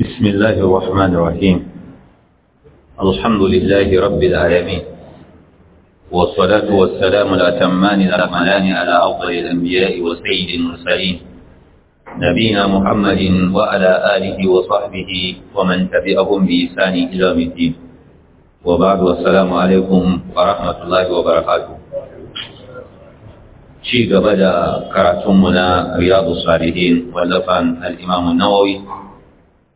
بسم الله الرحمن الرحيم الحمد لله رب العالمين والصلاة والسلام الأتمان الأكملان على أفضل الأنبياء وسيد المرسلين نبينا محمد وعلى آله وصحبه ومن تبعهم بإحسان إلى يوم الدين وبعد والسلام عليكم ورحمة الله وبركاته شيء بدأ كرتمنا رياض الصالحين ولفن الإمام النووي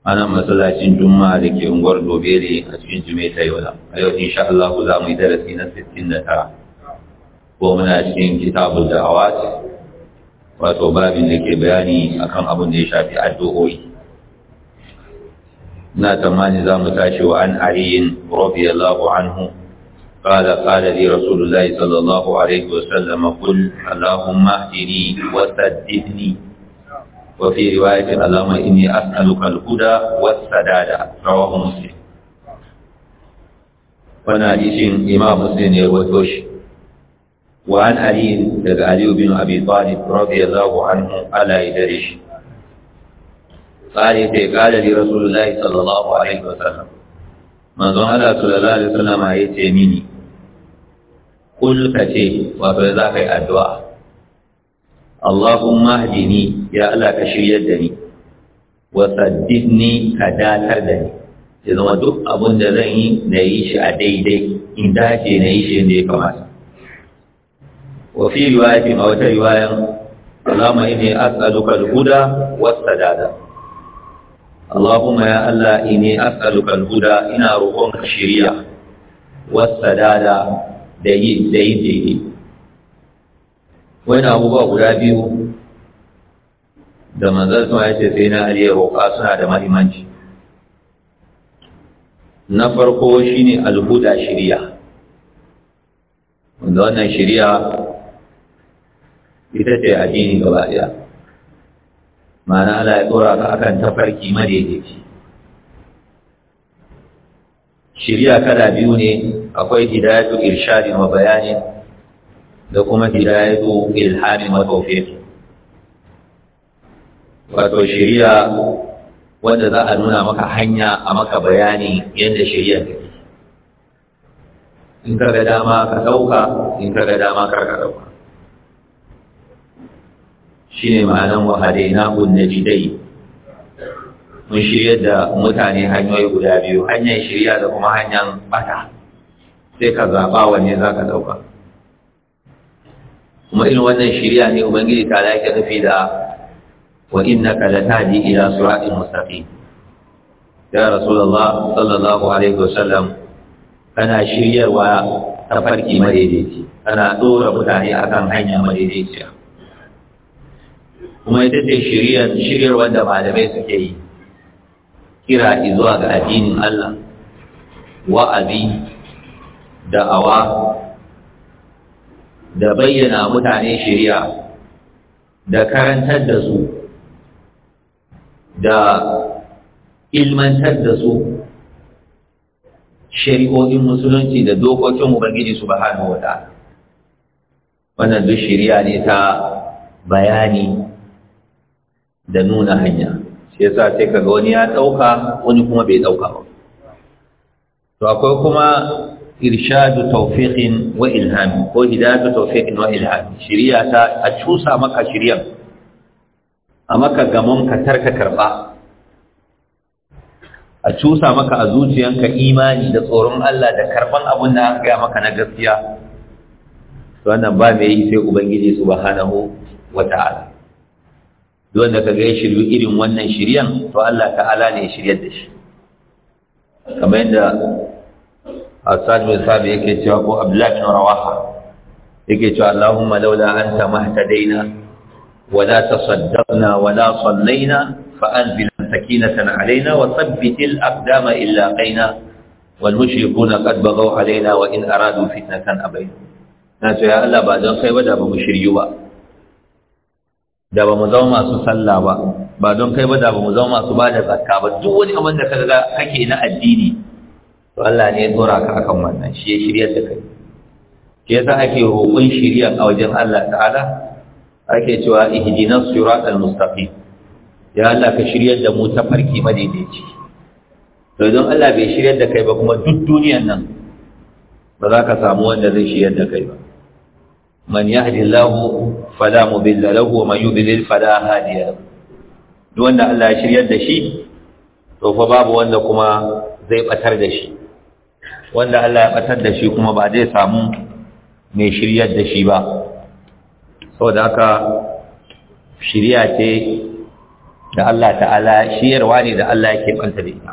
ana masallacin juma'a da ke unguwar dobere a cikin jumaita yola a yau insha Allah za mu yi darasi na 69 ko muna cikin kitabul da'awat wato babin da ke bayani akan abin da ya shafi addu'o'i na tamani za mu tashi wa an ariyin radiyallahu anhu قال قال لي رسول الله صلى الله عليه وسلم قل اللهم اهدني وسددني وفي رواية اللهم إني أسألك الهدى والسداد رواه مسلم وانا حديث إمام مسلم يروي وعن علي علي بن أبي طالب رضي الله عنه ألا يدرش قال قال لي رسول الله صلى الله عليه وسلم من ظن الله صلى الله عليه وسلم أيتي مني قل كتي وفي ذاك الدعاء Allahumma hdini ya Allah ka shiryar da ni wa saddidni ka datar da ni ya zama duk abin da zan yi na yi shi a daidai in dace na yi shi yadda ya kamata wa fi riwayatin a wata riwayan Allahumma inni as'aluka al-huda was-sadada Allahumma ya Allah inni as'aluka al-huda ina roƙon ka shiriya was-sadada da yi da yi wani abubuwa guda biyu da manzan suna ya ce sai na aliyu roƙa suna da mahimmanci na farko shine alhuda shiriya wanda wannan shiriya ita ce addini gaba ɗaya ma'ana Allah ya tsora ka akan tafarki madaidaici shiriya kala biyu ne akwai hidayatu irshadin wa bayanin da kuma hidayatu ilhamin wa tawfiq wato shari'a wanda za a nuna maka hanya a maka bayani yadda shari'a take in ka ga dama ka dauka in ka ga dama kar ka dauka ne ma'anan wa hadainahu najidai mun shirya da mutane hanyoyi guda biyu hanyar shirya da kuma hanyar bata sai ka zaɓa wanne za ka ɗauka kuma irin wannan shirya ne ubangiji ta yake nufi da wa innaka latahdi ila siratin mustaqim ya rasulullah sallallahu alaihi sallam kana shiryarwa ta farki madaidaici kana dora mutane akan hanya madaidaiciya kuma ita ce shiryar wanda malamai suke yi kira zuwa ga addinin Allah wa'azi da'awa da bayyana mutane shari'a da karantar da su da ilmantar da su shari'o'in musulunci da dokokin ubangiji subhanahu wa ta'ala wannan duk shari'a ne ta bayani da nuna hanya shi yasa sai kaga wani ya ɗauka, wani kuma bai ɗauka ba to akwai kuma irshadu tawfiqin wa ilham ko hidayatu tawfiqin wa ilham shiriya ta a cusa maka shiriyan a maka gamon ka tarka karba a cusa maka a zuciyanka imani da tsoron Allah da karban abun da aka gaya maka na gaskiya to wannan ba mai yi sai ubangiji subhanahu wata'ala duk wanda ka ga shiru irin wannan shiryan to Allah ta'ala ne ya shiryar da shi kamar yadda Asad bin Sabi yake cewa ko Abdullah bin Rawaha yake cewa Allahumma laula anta mahtadaina wala tasaddaqna wala sallaina fa anzil sakinatan alaina wa thabbit al-aqdama illa qaina wal mushrikuna qad baghaw alaina wa in aradu fitnatan abayna na ce ya Allah ba don kai ba da ba mu shiryu ba da ba mu zama masu sallah ba ba don kai ba da ba mu zama masu bada zakka ba duk wani abin kaga kake na addini to Allah ne ya tsora ka akan wannan shi ya shirya da kai shi yasa ake roƙon shirya a wajen Allah ta'ala ake cewa ihdinas siratal mustaqim ya Allah ka shiryar da mu ta farki madaidaici to idan Allah bai shiryar da kai ba kuma duk duniyar nan ba za ka samu wanda zai shiryar da kai ba man Allahu fala mudilla lahu wa man yudlil fala hadiya duk wanda Allah ya shiryar da shi to fa babu wanda kuma zai batar da shi wanda Allah ya batar da shi kuma ba zai samu mai shiryar da shi ba saboda haka shirya ce da Allah ta'ala shiyarwa ne da Allah yake banta da ita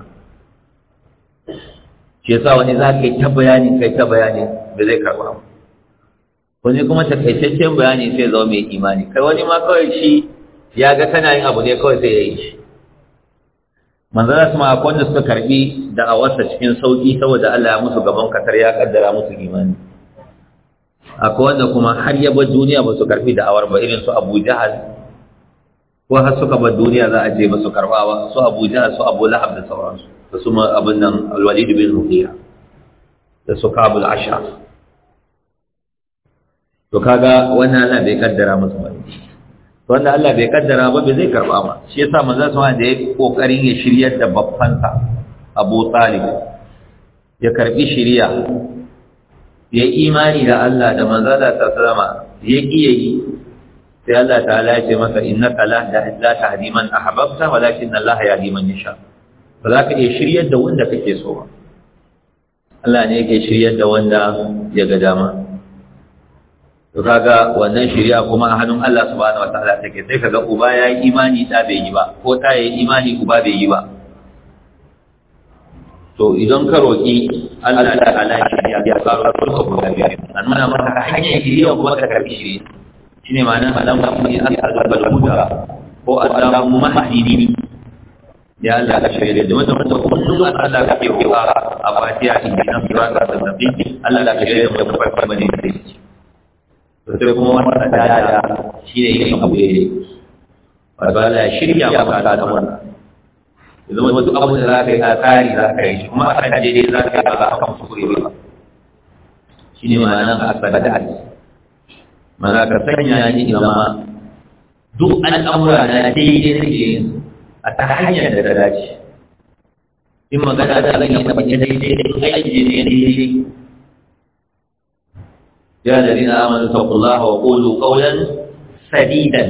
Ke sa wani za ka yi ta bayani yi ta bayani da zai karɓa wani kuma takaitaccen bayani sai zama mai imani kai wani ma kawai shi ya ga kana yin abu ne kawai sai ya yi shi manzara kuma akwai wanda suka karbi da awarsa cikin sauki saboda Allah ya musu gaban katar ya kaddara musu imani akwai wanda kuma har ya bar duniya ba su karbi da awar ba irin su Abu Jahal ko har suka bar duniya za a je ba su karba ba su Abu Jahal su Abu Lahab da sauransu da su ma abin nan Al-Walid bin Mughira da su Kabul Asha? to kaga wannan Allah bai kaddara musu ba wanda Allah bai kaddara ba bai zai karba ba shi yasa manzo sama da ya kokarin ya shirya da sa Abu Talib ya karbi shiriya ya imani da Allah da manzo da sallama ya yi, sai Allah ta'ala ya ce masa innaka la la tahdi man ahbabta walakin Allah yahdi man yasha ba za ka iya shiryar da wanda kake so ba Allah ne yake shiryar da wanda ya ga dama to kaga wannan shari'a kuma a hannun Allah subhanahu wataala take sai kaga uba yayi imani da bai yi ba ko da yayi imani uba bai yi ba to idan ka roki Allah ta'ala ya ya ka roki ka biya an mana maka hanyar shari'a kuma ka karbi shi shine ma'ana alam ni asal huda ko alam mahdini ya Allah ka shirya da mutum da kullum Allah ka yi wa a fatiha inna sirata da nabi Allah ka shirya da mutum da kullum ne to sai kuma wannan dada shi ne yin abu daidai wato Allah shirya maka ta wannan yanzu wani duk abu da za ka yi na tsari za ka yi shi kuma a kan daidai za ka yi ba a kan kuskure ba shi ne ma'anar asadat mana ka sanya ni zama duk an al'amura na daidai suke yin a ta hanyar da ta dace in magana da zan yi ta bakin daidai aiki ne daidai يا الذين آمنوا اتقوا الله وقولوا قولا سديدا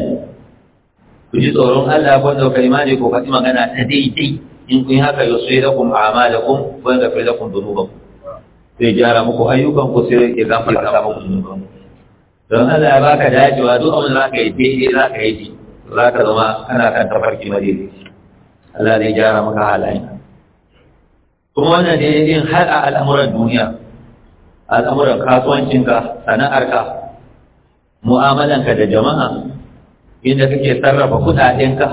kuji tsoron Allah ko da kalimani ko faɗi magana ta daidai in kun haka yusri lakum a'malakum wa yaghfir lakum dhunubakum sai gyara muku ayyukan ku sai ya gafarta muku dhunuban don Allah ya baka dacewa duk abin da zaka yi daidai zaka yi ji zaka zama kana kan tafarki madidi Allah zai gyara maka halayen kuma wannan daidai har a al'amuran duniya al'amuran kasuwancinka sana'arka mu'amalanka da jama'a inda kake sarrafa kudadenka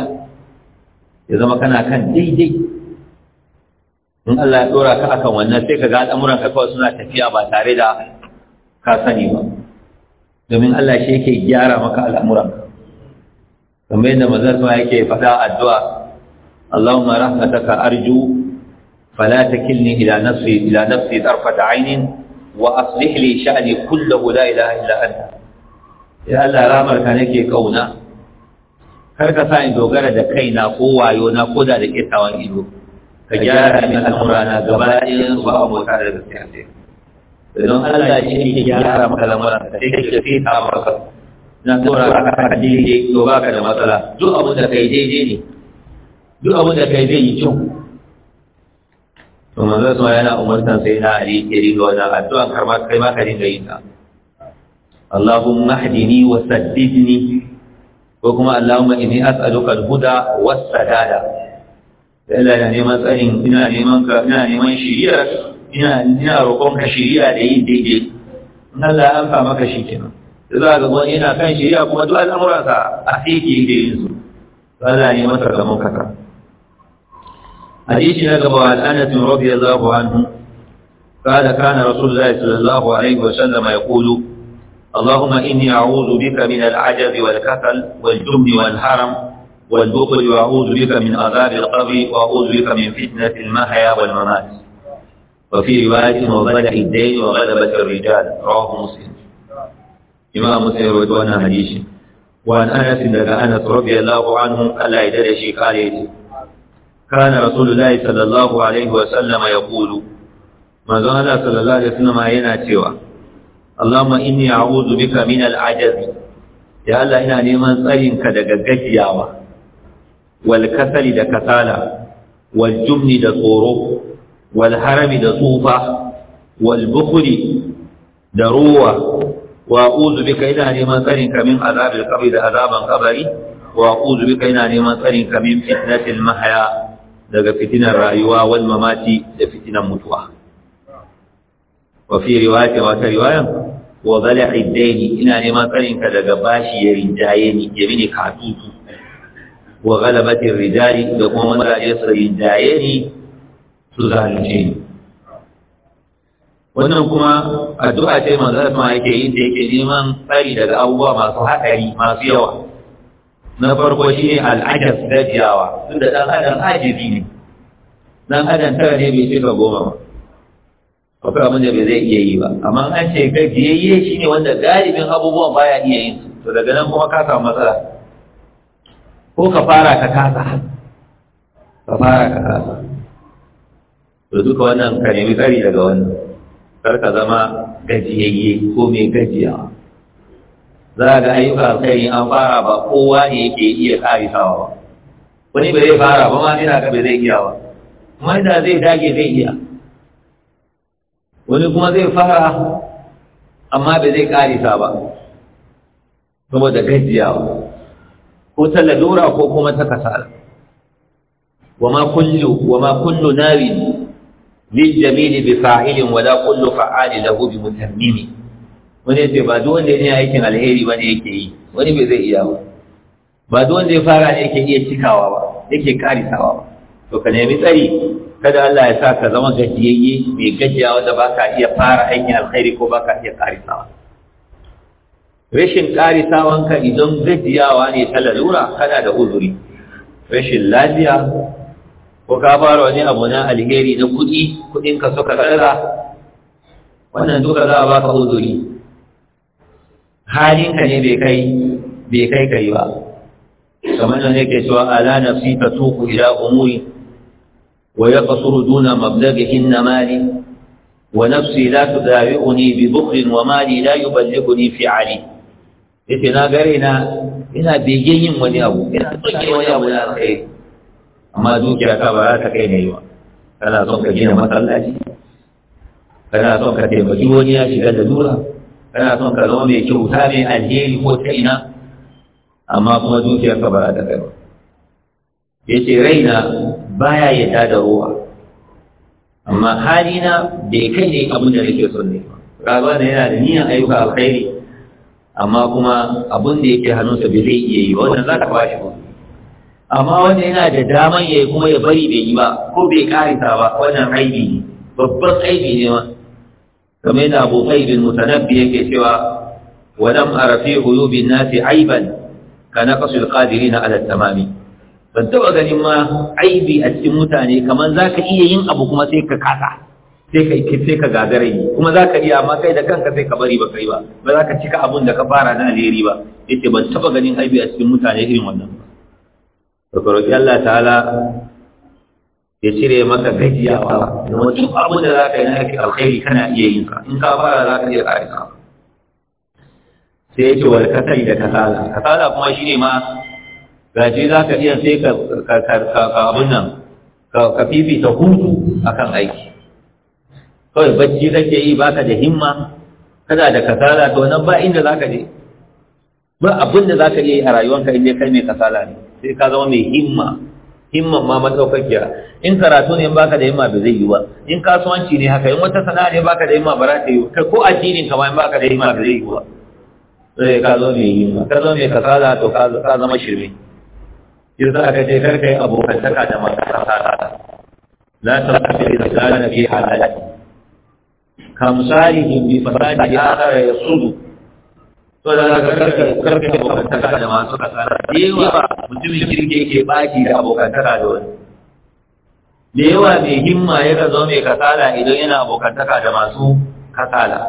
ya zama kana kan daidai in Allah ya dora ka akan wannan sai ka ga al'amuran ka kawai suna tafiya ba tare da ka sani ba domin Allah shi yake gyara maka al'amuran kamar yadda mazarfa yake faɗa addu'a Allahumma rahmataka arju fala takilni ila nafsi ila nafsi tarfata ainin wa aslih li sha'ni kullahu la ilaha illa anta ya Allah ramar ka nake kauna kar ka sa in dogara da kaina ko wayo na ko da da ido ka gyara min al'amurana gaba ɗayan ba abota da gaskiya sai don Allah shi ne gyara maka ka sai ka fi ta maka na dora ka kan daidai to baka da matsala duk abin da kai daidai ne duk abin da kai zai yi cin. to manzo sama yana umartan sai na ali ya ringa wannan addu'a har ma kai ma ka ringa yin ta Allahumma hdini wa saddidni ko kuma Allahumma inni as'aluka al-huda was-sadada Allah ya neman tsarin ina neman ka ina neman shiriya ina ina roƙon ka shiriya da yin daidai in Allah an fa maka shi kenan za ga gwani yana kan shiriya kuma duk al'amuransa a aiki yake yin su Allah ne masa gaban kasa حديث عن أنس رضي الله عنه قال كان رسول الله صلى الله عليه وسلم يقول اللهم إني أعوذ بك من العجب والكسل والجبن والحرم والبخل وأعوذ بك من عذاب القبر وأعوذ بك من فتنة المحيا والممات وفي رواية وضلع الدين وغلبة الرجال رواه مسلم إمام مسلم رضوانا حديث وعن أنس لك أنس رضي الله عنه ألا يدري شيء قال كان رسول الله صلى الله عليه وسلم يقول ما زال صلى الله عليه وسلم ينا سوى اللهم إني أعوذ بك من العجز يا الله إنا نيمان صينك دقاقك ياوة والكسل دكسالة والجبن دصورو والهرم دصوفة والبخل دروة وأعوذ بك إنا نيمان صينك من عذاب القبر عذابا قبري وأعوذ بك إنا نيمان صينك من فتنة المحيا daga fitinar rayuwa wal mamati da fitinar mutuwa wa fi riwayati wata riwayan wa bala iddaini ina neman tsarin ka daga bashi ya rinjaye ni ya mini katutu wa galabatin rijali da kuma mazaje su rinjaye ni su zalunce wannan kuma addu'a ce manzo Allah yake yi da yake neman tsari daga abubuwa masu haɗari masu yawa na farko shi ne al'ajas dajiyawa. tun da ɗan adam ajizi ne ɗan adam tara ne bai cika goma ba akwai abin da bai zai iya yi ba amma an ce gajiyayye shi ne wanda galibin abubuwan baya iya yin su to daga nan kuma ka samu matsala ko ka fara ka kasa ka fara ka kasa to duka wannan ka nemi tsari daga wannan kar ka zama gajiyayye ko mai gajiyawa za ga ayyuka alkhairi an fara ba kowa ne yake iya karisawa ba wani ba zai fara ba ma ina ga bai zai iya ba kuma inda zai dage zai iya wani kuma zai fara amma ba zai karisa ba saboda gajiyawa ko ta lalura ko kuma ta kasala وما كل وما كل نار للجميل بفاعل ولا كل فعال له بمتمم wani ce ba duk wanda ya yi aikin alheri ba ne yake yi wani bai zai iya ba ba duk wanda ya fara ne yake iya cikawa ba yake karisawa ba to ka nemi tsari kada Allah ya sa ka zama gajiyayye mai gajiya wanda ba ka iya fara aikin alheri ko ba ka iya karisawa rashin ka idan gajiyawa ne ta lalura kana da uzuri rashin lafiya ko ka fara wani abu na alheri na kuɗi kuɗinka suka tsara wannan duka za a baka uzuri halinka ne bai kai bai kai kai ba kamar nan yake cewa ala nafsi tuku ila umuri wa yaqsuru duna hinna mali wa nafsi la tudawi'uni bi bukhrin wa mali la yuballighuni fi ali yace na gare na ina begen yin wani abu ina tsoke wani abu na kai amma dukiya ka ba za ta kai ne ba kana son ka gina masallaci kana son ka taimaki wani ya shiga da lura kana son ka zama mai kyauta mai alheri ko ta ina amma kuma ka ba da kai ba Ya ce raina baya yadda da ruwa amma halina bai kai ne abin da nake son ne kaga ne yana da niyan ayyuka alkhairi amma kuma abin da yake hannunsa bai zai iya yi ba, wannan za ka ba shi ba amma wanda yana da daman ya kuma ya bari bai yi ba ko bai karisa ba wannan aibi ne babban aibi ne ma kamar yadda abu qaidin mutanabbi yake cewa wa lam ara fi uyubin nasi aiban ka naqasul qadirin ala tamami ban taba ganin ma aibi a cikin mutane kamar zaka iya yin abu kuma sai ka kasa sai ka sai ka gagare kuma za ka iya amma kai da kanka sai ka bari ba kai ba ba za ka cika abun da ka fara na alheri ba yace ban taba ganin aibi a cikin mutane irin wannan ba to roki Allah ta'ala ya cire maka gajiyawa da mutum abin da za ka yi na yake alkhairi kana iya yin sa in ka fara za ka iya ƙari sa sai ya ce wal kasali da kasala kasala kuma shi ne ma gaji za ka iya sai ka abin nan ka fifita hutu a kan aiki kawai bacci kake yi baka da himma kana da kasala to nan ba inda za ka je ba abin da za ka iya yi a rayuwanka in dai kai mai kasala ne sai ka zama mai himma himman ma matsaukakiya in karatu ne baka da himma ba zai yi ba in kasuwanci ne haka in wata sana'a ne baka da himma ba za ta yi ba ko addinin ka ma in baka da himma ba zai yi ba sai eh, ka zo ne himma ka zo ka kasala to ka zama shirme za aka ce kar kai abokantaka da masu kasala la tarfi risalan fi halal kamsarihi bi fasadi ya yasudu so da ka abokantaka da masu kasara da yawa mutumin kirki yake baki da abokantaka da wani da yawa mai himma ya zo mai kasala idan yana abokantaka da masu kasala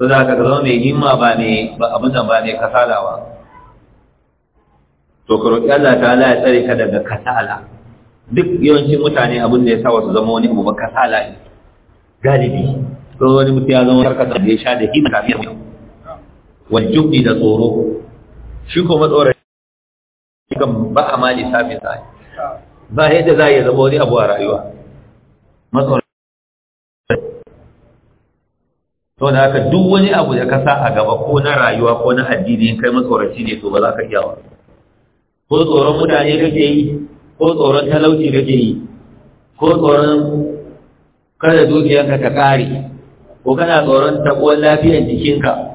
so da ka zama mai himma ba mai abin nan ba mai kasala ba to ka roƙi Allah ta Allah ya tsare ka daga kasala duk yawancin mutane abin da ya sa su zama wani abu ba kasala ne galibi ko wani mutum ya zama karkata da ya sha da himma da fiye wajjubi da tsoro shi ko matsoron kan ba a ma lissafin sa ba yadda za a iya zama wani abu a rayuwa matsoron to da haka duk wani abu da ka sa a gaba ko na rayuwa ko na addini kai matsoraci ne to ba za ka iya wa ko tsoron mutane kake yi ko tsoron talauci kake yi ko tsoron kada dukiyarka ta kare ko kana tsoron tabuwar lafiyar jikinka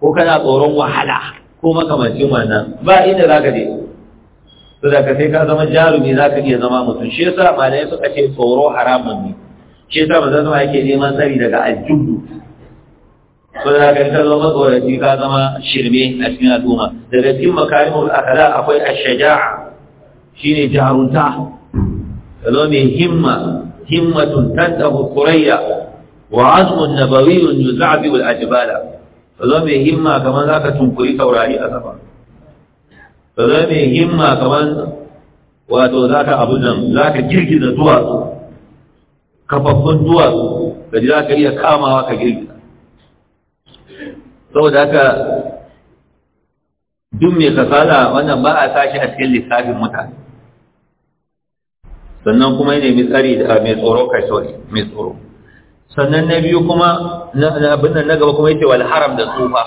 ko kana tsoron wahala ko makamacin wannan ba inda za ka je to da ka sai ka zama jarumi za ka iya zama mutum shi yasa malai suka ce tsoro haramun ne shi yasa manzon sama yake neman tsari daga aljubu so da ka ta zama tsoraci ka zama shirme a cikin al'umma daga cikin makarimul akala akwai ash shi ne jarunta kazo mai himma himmatun tantahu qurayya wa azmun nabawiyyun yuzabi al-ajbala ka zama mai himma kamar za ka tunkuri taurari a sama ka zama mai himma kamar wato za ka abu nan za ka girgiza duwatsu kafaffun duwatsu ka ji za ka iya kamawa ka girgiza saboda haka duk mai kasala wannan ba a tashi a cikin lissafin mutane sannan kuma ya nemi tsari da mai tsoro kai tsoro mai tsoro sannan na biyu kuma abin nan na gaba kuma yake wal haram da tsufa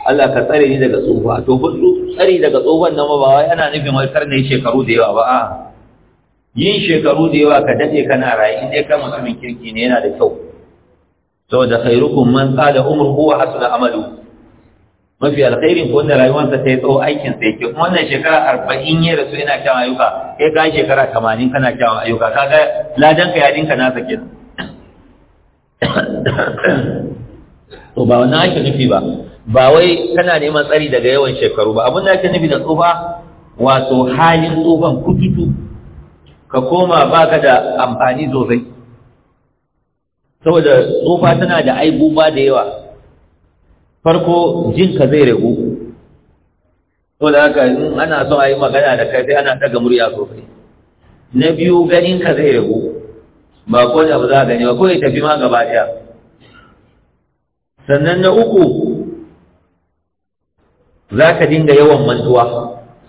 Allah ka tsare ni daga tsufa to tsare daga tsufan nan ba wai ana nufin wai karne shekaru da yawa ba a yin shekaru da yawa ka dade kana rayu in dai ka mutumin kirki ne yana da kyau saboda khairukum man qala umruhu wa hasuna amalu mafi alkhairin ko wanda rayuwarsa ta yi tsawo aikin sa yake wannan shekara arba'in ya rasu yana kyawun ayyuka kai ka shekara tamanin kana kyawun ayyuka kaga ladanka ya dinka nasa kenan to ba wannan ake nufi ba ba wai kana neman tsari daga yawan shekaru ba abin da ake nufi da tsufa wato halin tsufan kututu ka koma baka da amfani sosai saboda tsufa tana da aibuba da yawa farko jinka zai ragu saboda haka in ana so a yi magana da kai sai ana daga murya sosai na biyu ganinka zai ragu ba ko da ba za a gani ba ko ya tafi ma gaba ɗaya sannan na uku za ka dinga yawan mantuwa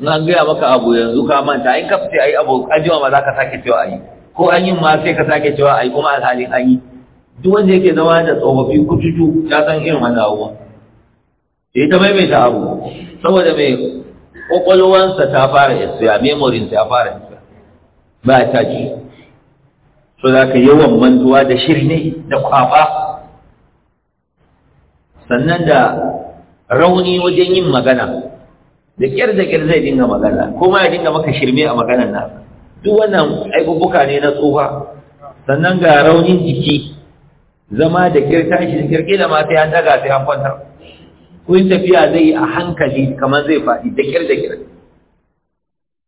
in an gaya maka abu yanzu ka manta in ka fice a yi abu ajiyar ma za ka sake cewa a yi ko an yi ma sai ka sake cewa a yi kuma alhalin an yi duk wanda yake zama da tsofaffi kututu ya san irin wannan abu. sai ta maimaita abu saboda mai kwakwalwansa ta fara yasuya memorinsa ya fara yasuya ba ta ci so za ka yawan mantuwa da shirme da kwaba sannan da rauni wajen yin magana da kyar da kyar zai dinga magana ma ya dinga maka shirme a maganan nan duk wannan aibubuka ne na tsufa sannan ga raunin jiki zama da kyar tashi da kyar kila ma sai an daga sai an kwantar ko tafiya zai yi a hankali kamar zai faɗi da kyar da kyar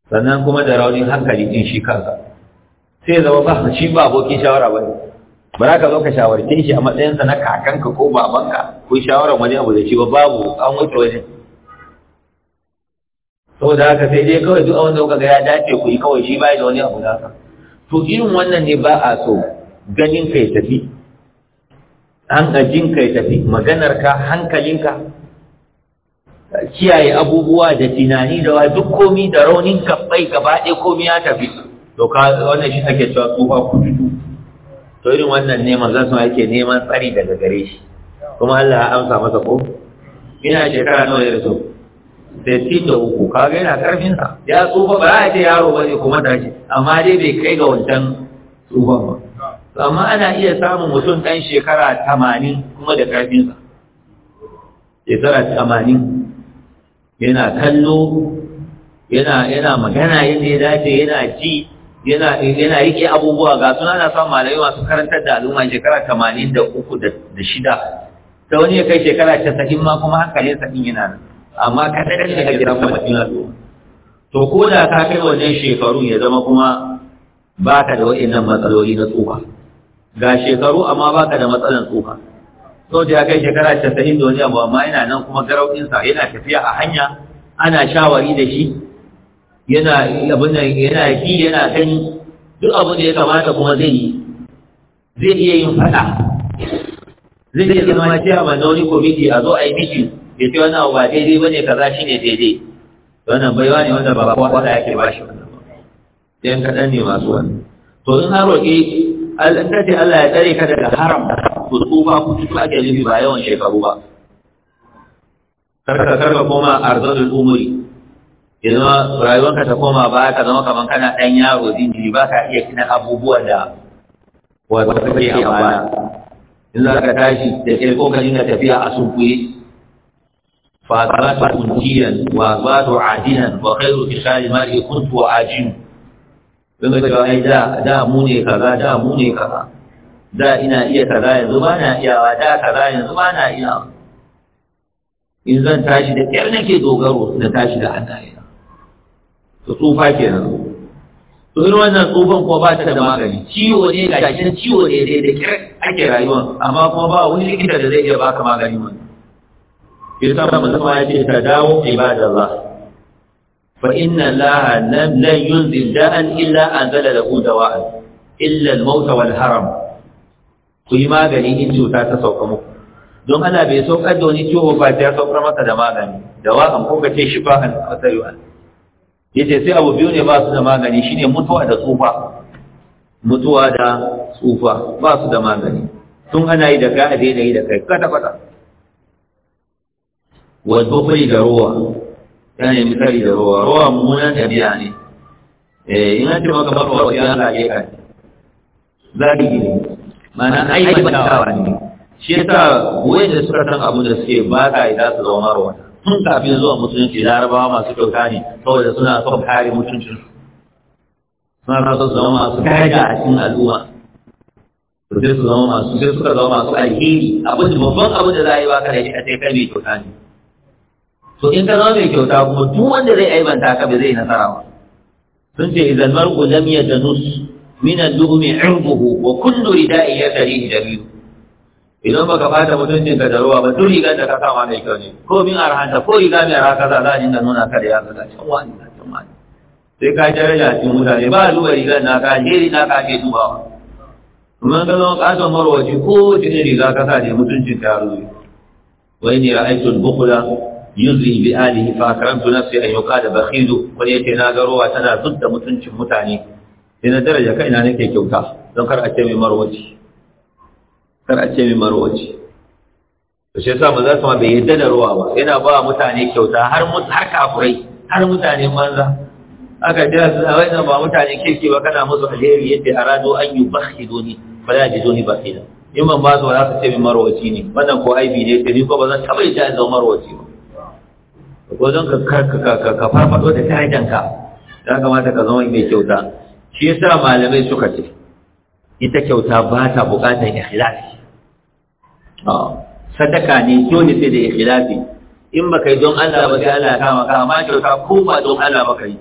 sannan kuma da raunin hankali din shi kansa sai zama ba shi ba abokin shawara ba ne ba za ka zo ka shawarce shi a matsayinsa na kakanka ko babanka ko shawarar wani abu da shi ba babu an wuce wajen saboda haka sai dai kawai duk wanda kuka ga ya dace ku yi kawai shi ba da wani abu da haka to irin wannan ne ba a so ganin ka ya tafi hankajin ka ya tafi maganar ka hankalinka kiyaye abubuwa da tunani da wa duk komi da raunin kabbai gaba ɗaya komi ya tafi to ka wannan shi ake cewa tsufa kududu to irin wannan neman zan san yake neman tsari daga gare shi kuma Allah ya amsa masa ko ina shekara nawa ya rasu sai ci da uku kaga yana karfin sa ya tsufa ba a ce yaro ba ne kuma tashi amma dai bai kai ga wancan tsufan ba amma ana iya samun mutum ɗan shekara tamanin kuma da karfin sa shekara tamanin yana kallo yana magana yadda ya dace yana ji yana yana rike abubuwa ga suna na son malami masu karantar da al'umma shekara tamanin da uku da shida ta wani ya kai shekara casa'in ma kuma hankalin sa yana nan amma kaɗan da shiga gidan mutum na to ko da ka kai wajen shekaru ya zama kuma ba ka da waɗannan matsaloli na tsufa ga shekaru amma ba ka da matsalan tsufa so da ya kai shekara casa'in da wani abu amma yana nan kuma garauɗinsa yana tafiya a hanya ana shawari da shi yana abin nan yana ji yana kan duk abin da ya kamata kuma zai yi zai iya yin fada zai iya zama cewa ma wani komiti a zo a yi miji ya ce wannan ba daidai bane kaza ne daidai wannan baiwa ne wanda ba kwa da yake ba shi yan kaɗan ne masu wani to in har roƙi alƙarfi ce Allah ya tsare ka daga haram ku tsufa ku tsufa ake nufi ba yawan shekaru ba karka karka koma arzalul umuri yanzu rayuwanka ta koma ba ka zama kamar kana ɗan yaro jinjiri ba ka iya kina abubuwan da wata kake a baya in za ka tashi da ke ko ka tafiya a sunkuye فأثبت منتيا وأثبت عادلا وخير خلال المرء كنت وعاجم Banga cewa ai da da mu ne kaza da mu ne kaza da ina iya kaza yanzu ba na iyawa da kaza yanzu ba na iyawa in zan tashi da ƙyar nake dogaro na tashi da hannaye to tsufa kenan to irin wannan tsufan kuma ba ta da magani ciwo ne ga shi ciwo ne dai da kyar ake rayuwa amma kuma ba wani likita da zai iya baka magani wannan yasa ba musamman ya ce ta dawo Fa ibadallah فإن الله لم لا ينزل داء إلا أنزل له دواء إلا الموت والهرم kuyi magani in cuta ta sauka muku don ana bai saukar da wani ciwo ba ta saukar masa da magani da wa'an ko ka ce shifa an asari yace sai abu biyu ne ba su da magani shine mutuwa da tsufa mutuwa da tsufa ba su da magani tun ana yi da ka a daidai yi da kai kada kada wato bai da ruwa yana misali da ruwa ruwa mummunan tabiya ne eh in an ce maka ba ruwa ya lalace ka zaki ne mana aibatawa ne shi yasa da suka san abu da suke ba ka idan su zama ruwa tun kafin zuwa musulunci larabawa masu kyauta ne kawai da suna son kare mutuncin suna son su zama masu daraja a cikin al'umma to sai su zama masu sai suka zama masu alheri abin da babban abin da za a yi baka kare shi a sai kai mai kyauta ne to in ka zama mai kyauta kuma duk wanda zai ta ka ba zai nasara ba sun ce idan mar'u lam yadanus min al-lu'mi 'irbuhu wa kullu rida'i yadrihi dabiru idan baka fata mutuncin ka da ruwa ba duk rigar da ka mai kyau ne ko min arhanta ko riga mai arha kaza za a dinga nuna ka da ya zaga can wani na can wani sai ka daraja cikin mutane ba duba rigar na ka jeri na ka ke dubawa kuma ka zama kasan marwaci ko cikin riga ka sa ne mutuncin ta ruwa wai ne ra'aitul bukula yuzri bi alihi fa akramtu nafsi an yuqala Bakhidu. wani yace na ga ruwa tana zudda mutuncin mutane sai na daraja kaina nake kyauta don kar a ce mai marwaci kar a ce mai marwaci to shi yasa manzo sama bai yadda da ruwa ba yana ba mutane kyauta har har kafurai har mutane manza aka jira su a wannan ba mutane kirki ba kana musu alheri yadda arado an yi bakhidoni ba za ji zoni ba kina in ban ba su ba za su ce mai marwaci ne wannan ko aibi ne da ni ko ba zan taɓa yadda zama marwaci ba ko zan ka farfaɗo da tajanka ya kamata ka zama mai kyauta shi yasa malamai suka ce ita kyauta ba ta buƙatar ikhlasi Ah. sadaka ne dole sai da ikhlasi in baka yi don Allah ba sai Allah ya kama ka amma kyauta ko ba don Allah baka yi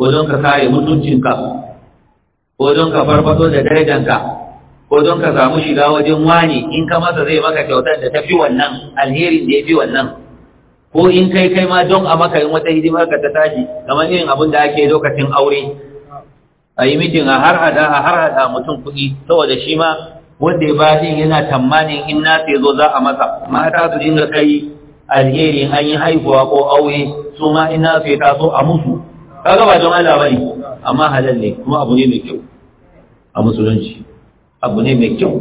ko don ka kare mutuncinka ko don ka farfaso da darajanka ko don ka samu shiga wajen wani in ka masa zai maka kyautar da ta fi wannan alherin da ya fi wannan ko in kai kai ma don a maka yin wata hidimar ka ta tashi kamar irin abin da ake lokacin aure a yi mijin a har hada a har hada mutum kuɗi saboda shi ma wanda ya bashi yana tamanin in na sai zo za a masa mata su dinga kai alheri an yi haihuwa ko aure su ma ina na sai taso a musu kaga ba jama'a Allah bane amma halal ne kuma abu ne mai kyau a musulunci abu ne mai kyau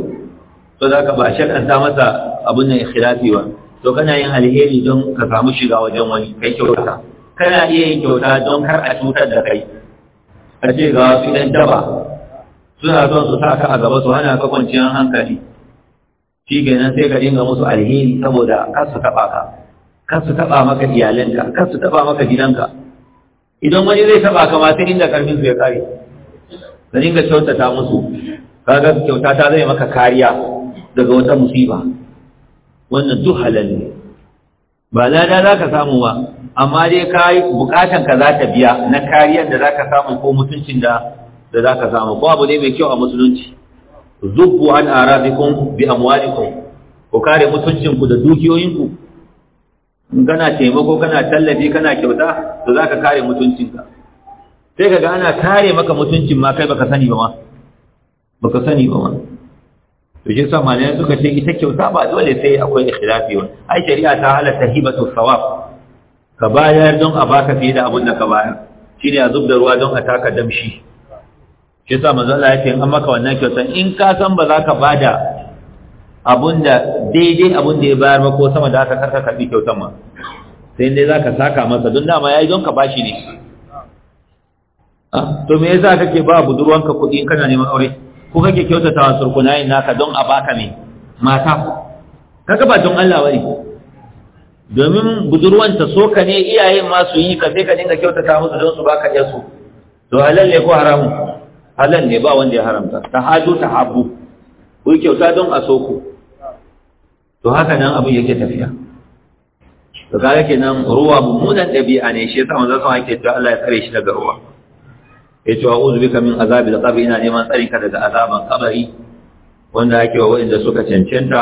to za ka ba kan ta masa abun nan ikhlasi ba to kana yin alheri don ka samu shiga wajen wani kai kyauta kana iya yin kyauta don kar a cutar da kai a ce ga wasu ɗan daba suna son su sa ka a gaba su hana ka kwanciyar hankali shi kenan sai ka dinga musu alheri saboda kar su taɓa ka kar su taɓa maka iyalanka kar su taɓa maka gidanka idan wani zai taɓa ka ma sai inda karfin su ya kare ka dinga kyautata musu kaga kyauta ta zai maka kariya daga wata musiba wannan duk halal ne ba lada za ka samu ba amma dai ka bukatan ka za ta biya na kariyar da za ka samu ko mutuncin da da za ka samu ko abu ne mai kyau a musulunci zubbu an arabikum bi amwalikum ku kare mutuncinku da dukiyoyinku in kana taimako kana tallafi kana kyauta to za ka kare mutuncinka sai ka ga ana kare maka mutuncin ma kai baka sani ba ma baka sani ba ma to shi sa malamai suka ce ita kyauta ba dole sai akwai ikhlafi wa ai shari'a ta halatta hibatu sawab ka bayar don a baka fiye da abin da ka bayar shine a zub da ruwa don a taka damshi shi yasa manzo Allah yake in an maka wannan kyautan in ka san ba za ka bada abunda daidai abunda ya bayar ba ko sama da haka karka karbi kyautan ma sai dai za ka saka masa don dama yayi don ka bashi ne ah, to me yasa kake ba budurwanka kuɗi in kana neman aure ko kake kyautatawa surkunayin naka don a baka ne mata kaga ba don Allah bane domin budurwanta so ka ne iyayen ma su yi ka sai ka dinga kyautata musu don su baka yasu to halal ne ko haramun halal ne ba wanda ya haramta ta hajo ta habu Kuyi kyauta don a so to haka nan abin yake tafiya to yake nan ruwa mummunan dabi'a ne shi yasa manzo sama yake cewa Allah ya tsare shi daga ruwa ce wa uzu bika min azabi da qabr ina neman tsari ka daga azaban kabari wanda yake wa wanda suka cancanta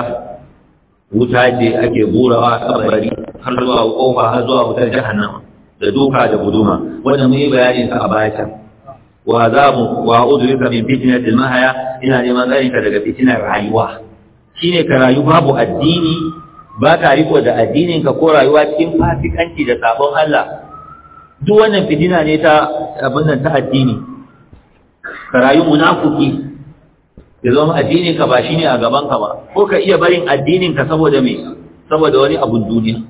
wuta ce ake burawa kabari har zuwa kofa har zuwa wutar jahannama da duka da guduma wanda mun yi bayanin a baya wa za mu wa udrika min fitnatil mahaya ina neman tsarinka daga fitinar rayuwa shine ka rayu babu addini ba ka riko da addininka ko rayuwa cikin fasikanci da sabon Allah duk wannan fitina ne ta abin nan ta addini ka rayu munafiki ya zama addininka ba shine a gaban ka ba ko ka iya barin addininka saboda me saboda wani abun duniya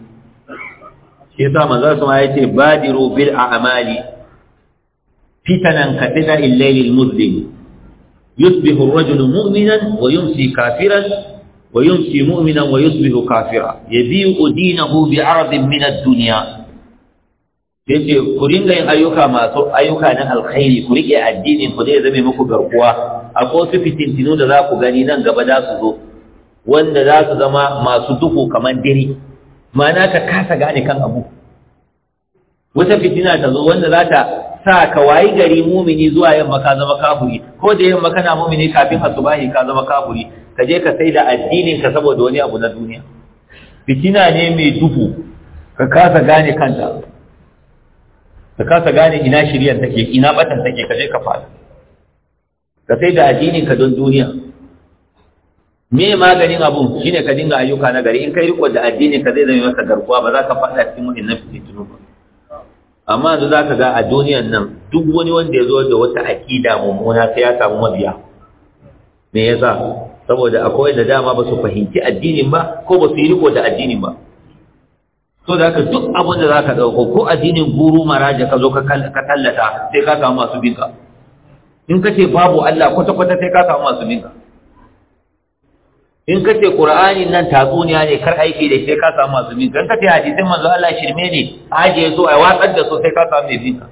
shi yasa manzo sama yace badiru bil a'mali فتنا كفتن الليل المظلم يصبح الرجل مؤمنا ويمسي كافرا ويمسي مؤمنا ويصبح كافرا يبيع دينه بعرض من الدنيا yace ku ringa yin ayyuka masu ayyuka na alkhairi ku rike addinin ku zai zame muku garkuwa akwai su fitintinu da za ku gani nan gaba za su zo wanda za su zama masu duhu kamar dare ma'ana ka kasa gane kan abu wata fitina ta zo wanda za ta sa ka wayi gari mumini zuwa yamma ka zama kafuri ko da yamma kana mumini kafin asubahi ka zama kafuri ka je ka sai da addinin ka saboda wani abu na duniya fitina ne mai duhu ka kasa gane kanta ka kasa gane ina shiryar take ina batan take ka je ka fara ka sai da addinin ka don duniya me maganin abun shine ka dinga ayyuka na gari in kai riko da addinin ka zai zama maka garkuwa ba za ka fada cikin wannan fitinu ba amma yanzu za ka ga a duniyan nan duk wani wanda ya zo da wata aƙida mummuna sai ya samu mabiya me yasa saboda akwai da dama ba su fahimci addinin ba ko ba su yi riko da addinin ba so da haka duk abin da za ka ɗauko ko addinin guru maraja ka zo ka tallata sai ka samu masu binka in ka ce babu Allah kwata-kwata sai ka samu masu binka in ka ce ƙur'ani nan tatsuniya ne kar aiki da sai ka samu masu kan ka ce hadisin manzo Allah shirme ne aje zo ai watsar da su sai ka samu mai ka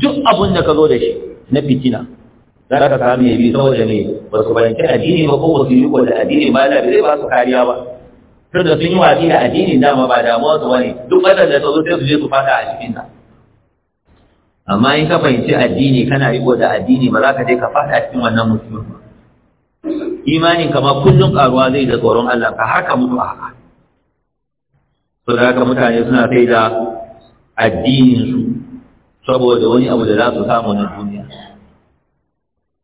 duk abun da ka zo da shi na fitina za ka samu mai saboda me ba su bayanci addini ba ko su yi ko da addini ba da zai ba su kariya ba tun da sun yi watsi da addini dama ba damuwa su wani duk wadanda da zo sai su je su fada a cikin ta amma in ka fahimci addini kana ko da addini ba za ka je ka fada a cikin wannan musulmi imanin kama kullum karuwa zai da tsoron Allah ka haka mutu a haka to da haka mutane suna sai da addinin su saboda wani abu da za su samu na duniya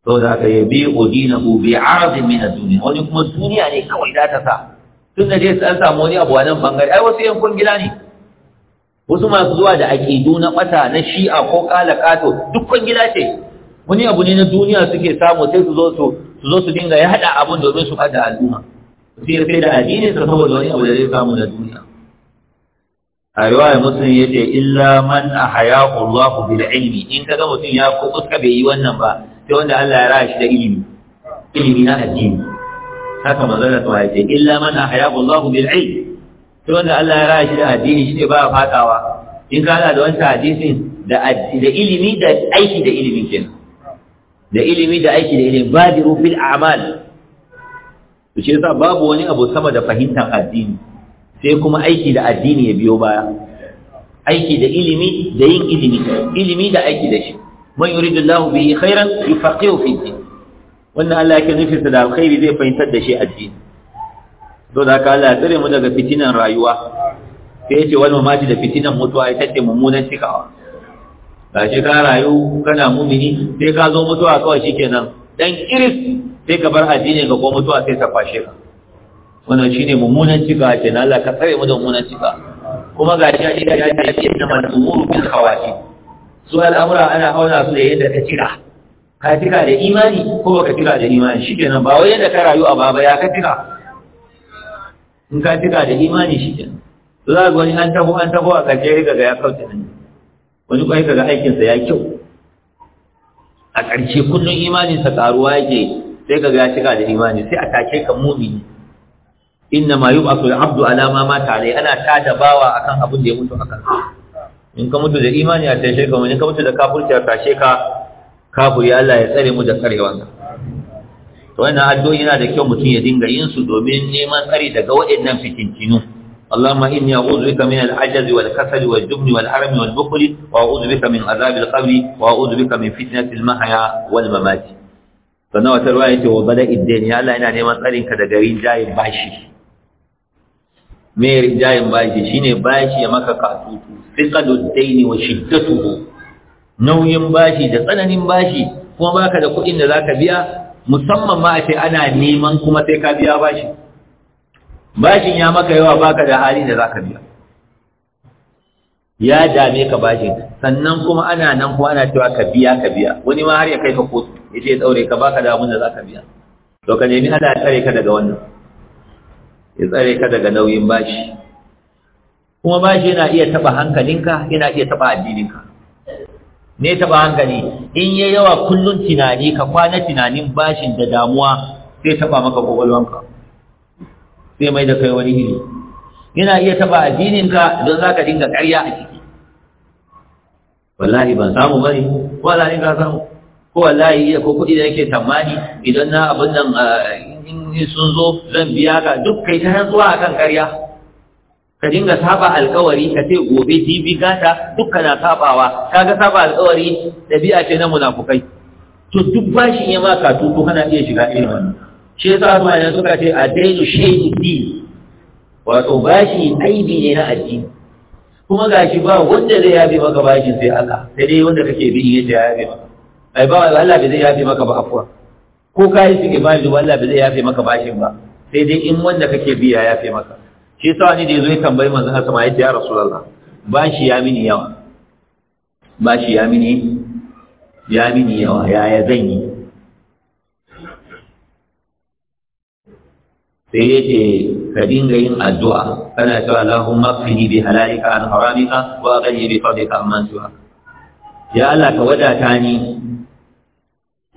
to da haka yabi na bi arzin min ad duniya. wani kuma duniya ne kawai za ta sa tun da dai an samu wani abu a nan bangare ai wasu yankun gida ne wasu masu zuwa da aƙidu na ɓata na shi'a ko ƙala ƙato dukkan gida ce wani abu ne na duniya suke samu sai su zo su su zo su dinga ya haɗa abun domin su haɗa al'umma sai sai da addini sa saboda wani abu da zai samu na duniya a riwayar mutum ya ce illa man a haya Allahu bil ilmi in ka ga mutum ya ko fuska bai yi wannan ba sai wanda Allah ya raya shi da ilimi ilimi na addini haka manzon Allah ya ce illa man a haya Allahu bil ilmi sai wanda Allah ya raya shi da addini shi ne ba a fatawa in ka hada da wancan hadisin da ilimi da aiki da ilimin kenan da ilimi da aiki da ilimi badiru fil a'mal to shi yasa babu wani abu sama da fahimtar addini sai kuma aiki da addini ya biyo baya aiki da ilimi da yin ilimi ilimi da aiki da shi man yuridu Allahu bihi khairan yufaqihu fi din wannan Allah yake nufin da alkhairi zai fahimtar da shi addini to da ka Allah ya tsare mu daga fitinan rayuwa sai ya ce wani mamaci da fitinan mutuwa ya tace mummunan cikawa gashi ka rayu kana mumini sai ka zo mutuwa kawai shikenan dan iris sai ka bar addini ga ko mutuwa sai ta kwashe ka wannan shine mummunan cika na Allah ka tsare mu da mummunan cika kuma ga shi ce ya ce inna man umuru bil khawati su al'amura ana hauna su da yadda ka cika ka cika da imani ko baka cika da imani shikenan ba wai yadda ka rayu a baba ya ka cika in ka cika da imani shikenan za ga wani an taho an taho a kace ga ya kauce nan wani kwaye kaga aikinsa ya kyau a ƙarshe kullum imaninsa ƙaruwa yake sai kaga ya cika da imani sai a take ka mumini inna ma yub'athu al-'abdu ala ma mata alai ana tada bawa akan abin da ya mutu akan in ka mutu da imani a tashe ka in ka mutu da kafirci a tashe ka kafiri Allah ya tsare mu da ka to wannan addu'o'i yana da kyau mutum ya dinga yin su domin neman tsari daga waɗannan fitintinu اللهم إني أعوذ بك من العجز والكسل والجبن والحرم والبخل وأعوذ بك من عذاب القبر وأعوذ بك من فتنة المحيا والممات sannan wata ruwa ya ce wa bada iddin Allah yana neman tsarinka daga rinjayen bashi me rinjayen bashi shine bashi ya maka katutu fiqadud daini wa shiddatuhu nauyin bashi da tsananin bashi kuma baka da kuɗin da zaka biya musamman ma a ce ana neman kuma sai ka biya bashi bashin ya maka yawa baka da hali da zaka biya ya dame ka bashin sannan kuma ana nan kuma ana cewa ka biya ka biya wani ma har ya kai ka kotu ya ce daure ka baka da abin da zaka biya to ka nemi Allah ya tsare ka daga wannan ya tsare ka daga nauyin bashi kuma bashi yana iya taba hankalinka yana iya taba addininka ne taba hankali in yayi yawa kullun tunani ka kwana tunanin bashin da damuwa sai taba maka kokolwanka zai mai da kai wani iri yana iya taba addininka don za ka dinga karya a ciki wallahi ban samu bane wallahi ka samu ko wallahi iya ko kuɗi da yake tamani idan na abin nan in sun zo zan biya ka duk kai ta rantsuwa akan karya ka dinga saba alkawari ka ce gobe dibi, gata duk kana sabawa kaga saba alkawari ɗabi'a ce na munafukai to duk bashin ya maka tutu kana iya shiga irin wannan shi yasa su ne suka ce Dainu Shehu di wato bashi aibi ne na addini kuma gashi ba wanda zai yafe maka bashin sai Allah sai dai wanda kake bi yace ya yafe maka ai ba Allah bai zai yafe maka ba afwa ko kai suke ba da Allah bai zai yafe maka bashin ba sai dai in wanda kake bi ya yafe maka shi yasa ni da yazo ya tambayi manzo Allah sama yace ya rasulullah bashi ya mini yawa bashi ya mini ya mini yawa ya zan yi sai ya ce ka dinga yin addu'a kana cewa Allahumma qini bi halalika an haramika wa ghayyi bi fadlika amman tu'a ya Allah ka wadata ni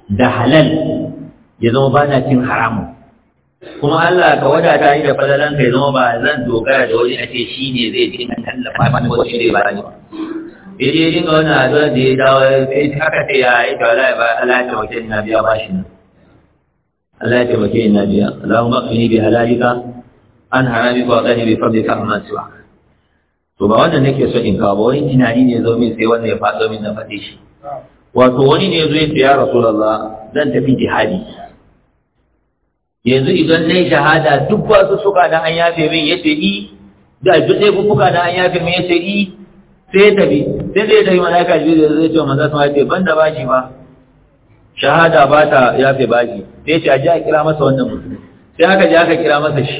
da halal ya zama ba na cin haramun kuma Allah ka wadata ni da fadalan ka ya zama ba zan dogara da wani ake shi ne zai dinga tallafa ba ko shi zai ba ni ba ya je dinga wani addu'a da ya dawo sai haka sai ya yi tawala ya ba Allah ya tawace na biya bashi nan Allah ya taimake ni na biya Allahumma qini bi halalika an haramika wa qini bi fadlika amma siwa to ba wannan nake so in kawo wani tunani ne zo min sai wannan ya faɗo min na faɗe shi wato wani ne zo ya ce ya rasulullah zan tafi jihadi yanzu idan nayi shahada duk wasu suka da an yafe min yace i da duk dai kuka da an yafe min yace i sai ya tafi sai da ya tafi malaika jibril zai ce manzo sai ya ce ban da bashi ba shahada ba ta yafe baki sai ce a ji a kira masa wannan mutum sai haka ji aka kira masa shi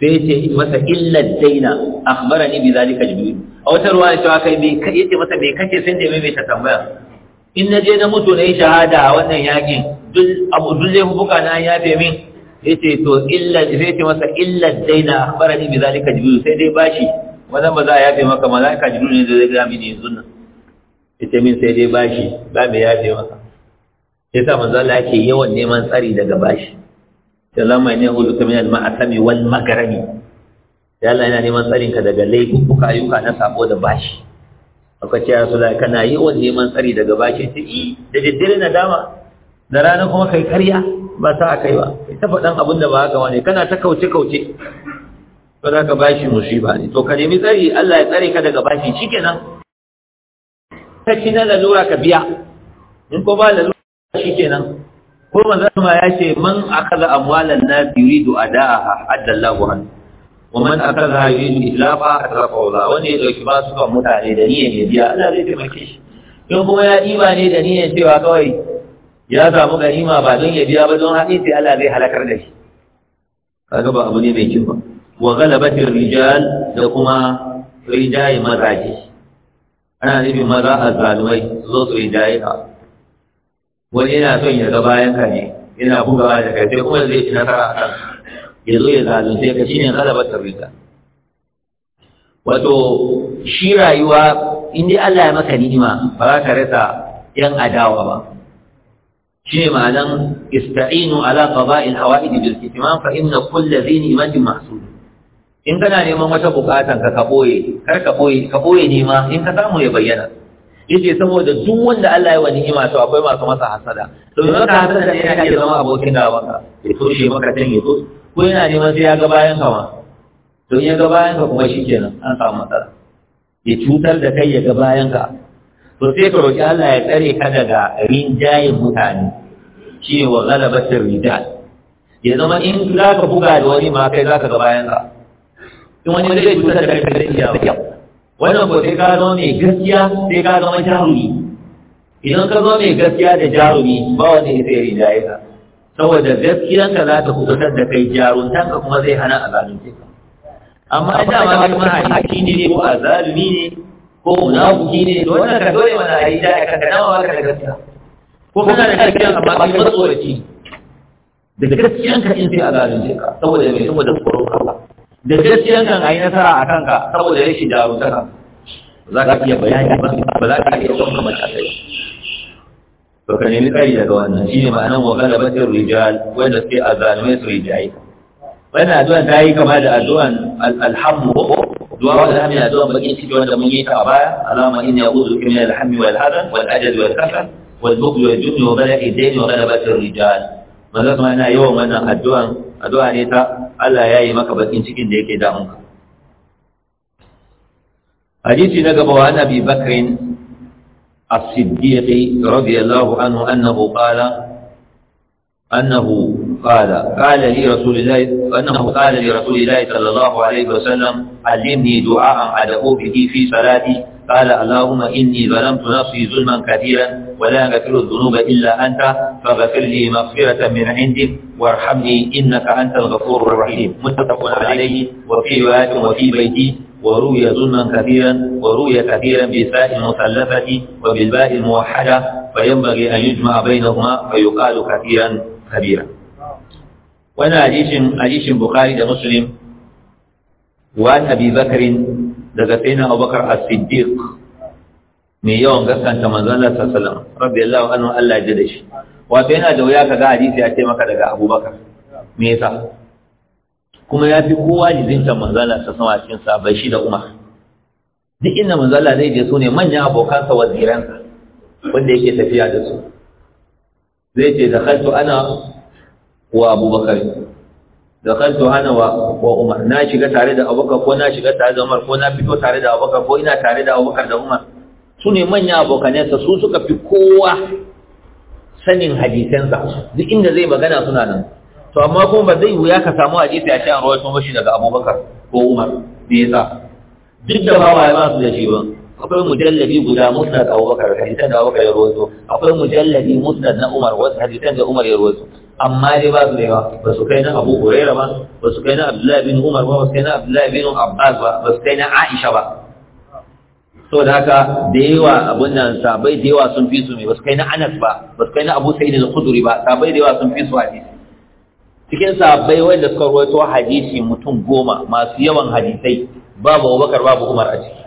sai ce masa illar daina a akhbarani bi ka jibril a wata ruwa ya cewa kai bai yace masa bai kace sai da mai ta tambaya in na je na mutu na yi shahada a wannan yakin duk abu duk zai buka na yafe min yace to illa sai ce masa illar daina ni bi zalika jibril sai dai bashi wannan ba za a yafe maka malaika jibril ne zai ga mini yanzu nan yace min sai dai bashi ba mai yafe maka yasa manzo Allah yake yawan neman tsari daga bashi ya lama ne hulu kamar al-ma'asami wal magarami ya Allah yana neman tsarin ka daga laifuka ayyuka na sabo da bashi akwai ce rasulullahi kana yawan neman tsari daga bashi ta yi eh, da daddare na dama da rana kuma kai karya ba sa kai ba kai ta faɗan abin da ba haka wani kana ta kauce kauce ba za ka bashi musiba ne to ka nemi tsari Allah ya tsare ka daga bashi shikenan ka ci na lalura ka biya in ko ba lalura shi kenan ko manzon ma ya ce man akaza amwalan nas yuridu adaaha addallahu an wa man akaza yuridu islafa atrafa Allah wanda ya dauki ba su kan mutane da niyyar ya biya Allah zai taimake shi don kuma ya diba ne da niyyar cewa kawai ya samu ma ba don ya biya ba don haɗin sai Allah zai halakar da shi kaga ba abu ne mai kyau ba wa ghalabatir rijal da kuma rijaye mazaje ana nufin maza a su zo su rijaye ka wani yana son ya ga bayan ka ne yana bugawa da kai sai kuma zai ci nasara a kan ya zo ya zalunce ka shine galabar tarwita wato shi rayuwa in dai Allah ya maka ni'ima ba za ka rasa yan adawa ba shi ne ma'anan ista'inu ala qada'il hawa'id bil kitman fa inna kulli dhi ni'matin mahsud in kana neman wata bukatan ka ka boye kar ka boye ka boye nema in ka samu ya bayyana yace saboda duk wanda Allah ya wa ni'ima to akwai masu masa hasada domin ka hasada ne yana zama abokin gabanka ya toshe maka can ya toshe ko yana neman sai ya ga bayan ka ma don ya ga bayan ka kuma shikenan an samu matsala ya cutar da kai ya ga bayan ka to sai ka roki Allah ya tsare ka daga rinjayin mutane shi wa ghalabatir rijal ya zama in za ka buga da wani ma kai za ka ga bayan ka in wani zai cutar da kai da iya wannan ko sai ka zo mai gaskiya sai ka zama jarumi idan ka zo mai gaskiya da jarumi ba wani ya sai rinjaye ka saboda gaskiyanka za ta kusantar da kai ka kuma zai hana a zalunce ka amma da ma wani mahaifi ne ko a zalumi ne ko buki ne da wannan ka dole mana a yi da ka kana wa ka da gaskiya ko kana da gaskiya amma ba ka matsoraci da ka in sai a zalunce ka saboda mai saboda tsoro da gaskiyan kan ayi nasara a kanka saboda rashin jarumtaka za ka iya bayani ba za ka iya ɗaukar matakai to kan nemi tsari daga wannan shine ma'anar wa galabatin rijal wanda sai a zalumai su rijaye wannan addu'an ta yi kama da addu'an alhamdu du'a wa alhamdu ya addu'an bakin ciki wanda mun yi ta a baya alama in ya gudu min alhamdu wal hadan wal ajad wal kasal wal bughd wal jubn wa bala'i idayn wa galabatin rijal manzo kuma yana yawan wannan addu'an addu'a ne ta Allah ya yi maka bakin cikin da yake damun ka hadisi na gaba wa annabi bakrin as-siddiq radiyallahu anhu annahu qala annahu qala qala li rasulillahi annahu qala li rasulillahi sallallahu alayhi wa sallam allimni du'a'an ad'u bihi fi salati qala allahumma inni zalamtu nafsi zulman katiran ولا يغفر الذنوب إلا أنت فاغفر لي مغفرة من عندك وارحمني إنك أنت الغفور الرحيم متفق عليه وفي رواية وفي بيتي وروي ظلما كثيرا وروي كثيرا بالفاء المثلثة وبالباء الموحدة فينبغي أن يجمع بينهما فيقال كثيرا كبيرا وانا حديث حديث البخاري ومسلم وعن أبي بكر لقد أبو بكر الصديق mai yawan gaskanta manzon Allah sallallahu alaihi wasallam radiyallahu anhu Allah ya da shi wato yana da wuya kaga hadisi ya ce maka daga Abubakar me yasa kuma ya fi kowa jizinta manzon Allah sallallahu alaihi wasallam cikin sahabbai shi da Umar duk inda manzon Allah zai je su ne manyan abokansa waziransa wanda yake tafiya da su zai ce da kanto ana wa Abubakar da kanto ana wa Umar na shiga tare da Abubakar ko na shiga tare da Umar ko na fito tare da Abubakar ko ina tare da Abubakar da Umar su ne manyan abokanensa su suka fi kowa sanin hadisansa duk inda zai magana suna nan to amma kuma ba zai wuya ka samu hadisi a shan rawar sun daga abubakar ko umar me yasa duk da bawa ya masu da shi ba akwai mujallabi guda musnad abubakar hadisan da abubakar ya rawaito akwai mujallabi musnad na umar wasu hadisan da umar ya rawaito amma dai ba su da yawa ba su kai na abu huraira ba ba su kai na abdullahi bin umar ba ba su kai na abdullahi bin abbas ba ba su kai na aisha ba da haka da yawa abin nan sabai da yawa sun fi su mai basu kai na anas ba basu kai na abu sa'id al kuduri ba sabai da yawa sun fi su hadisi cikin sabai wanda suka ruwaito hadisi mutum goma masu yawan hadisai babu abubakar babu umar a ciki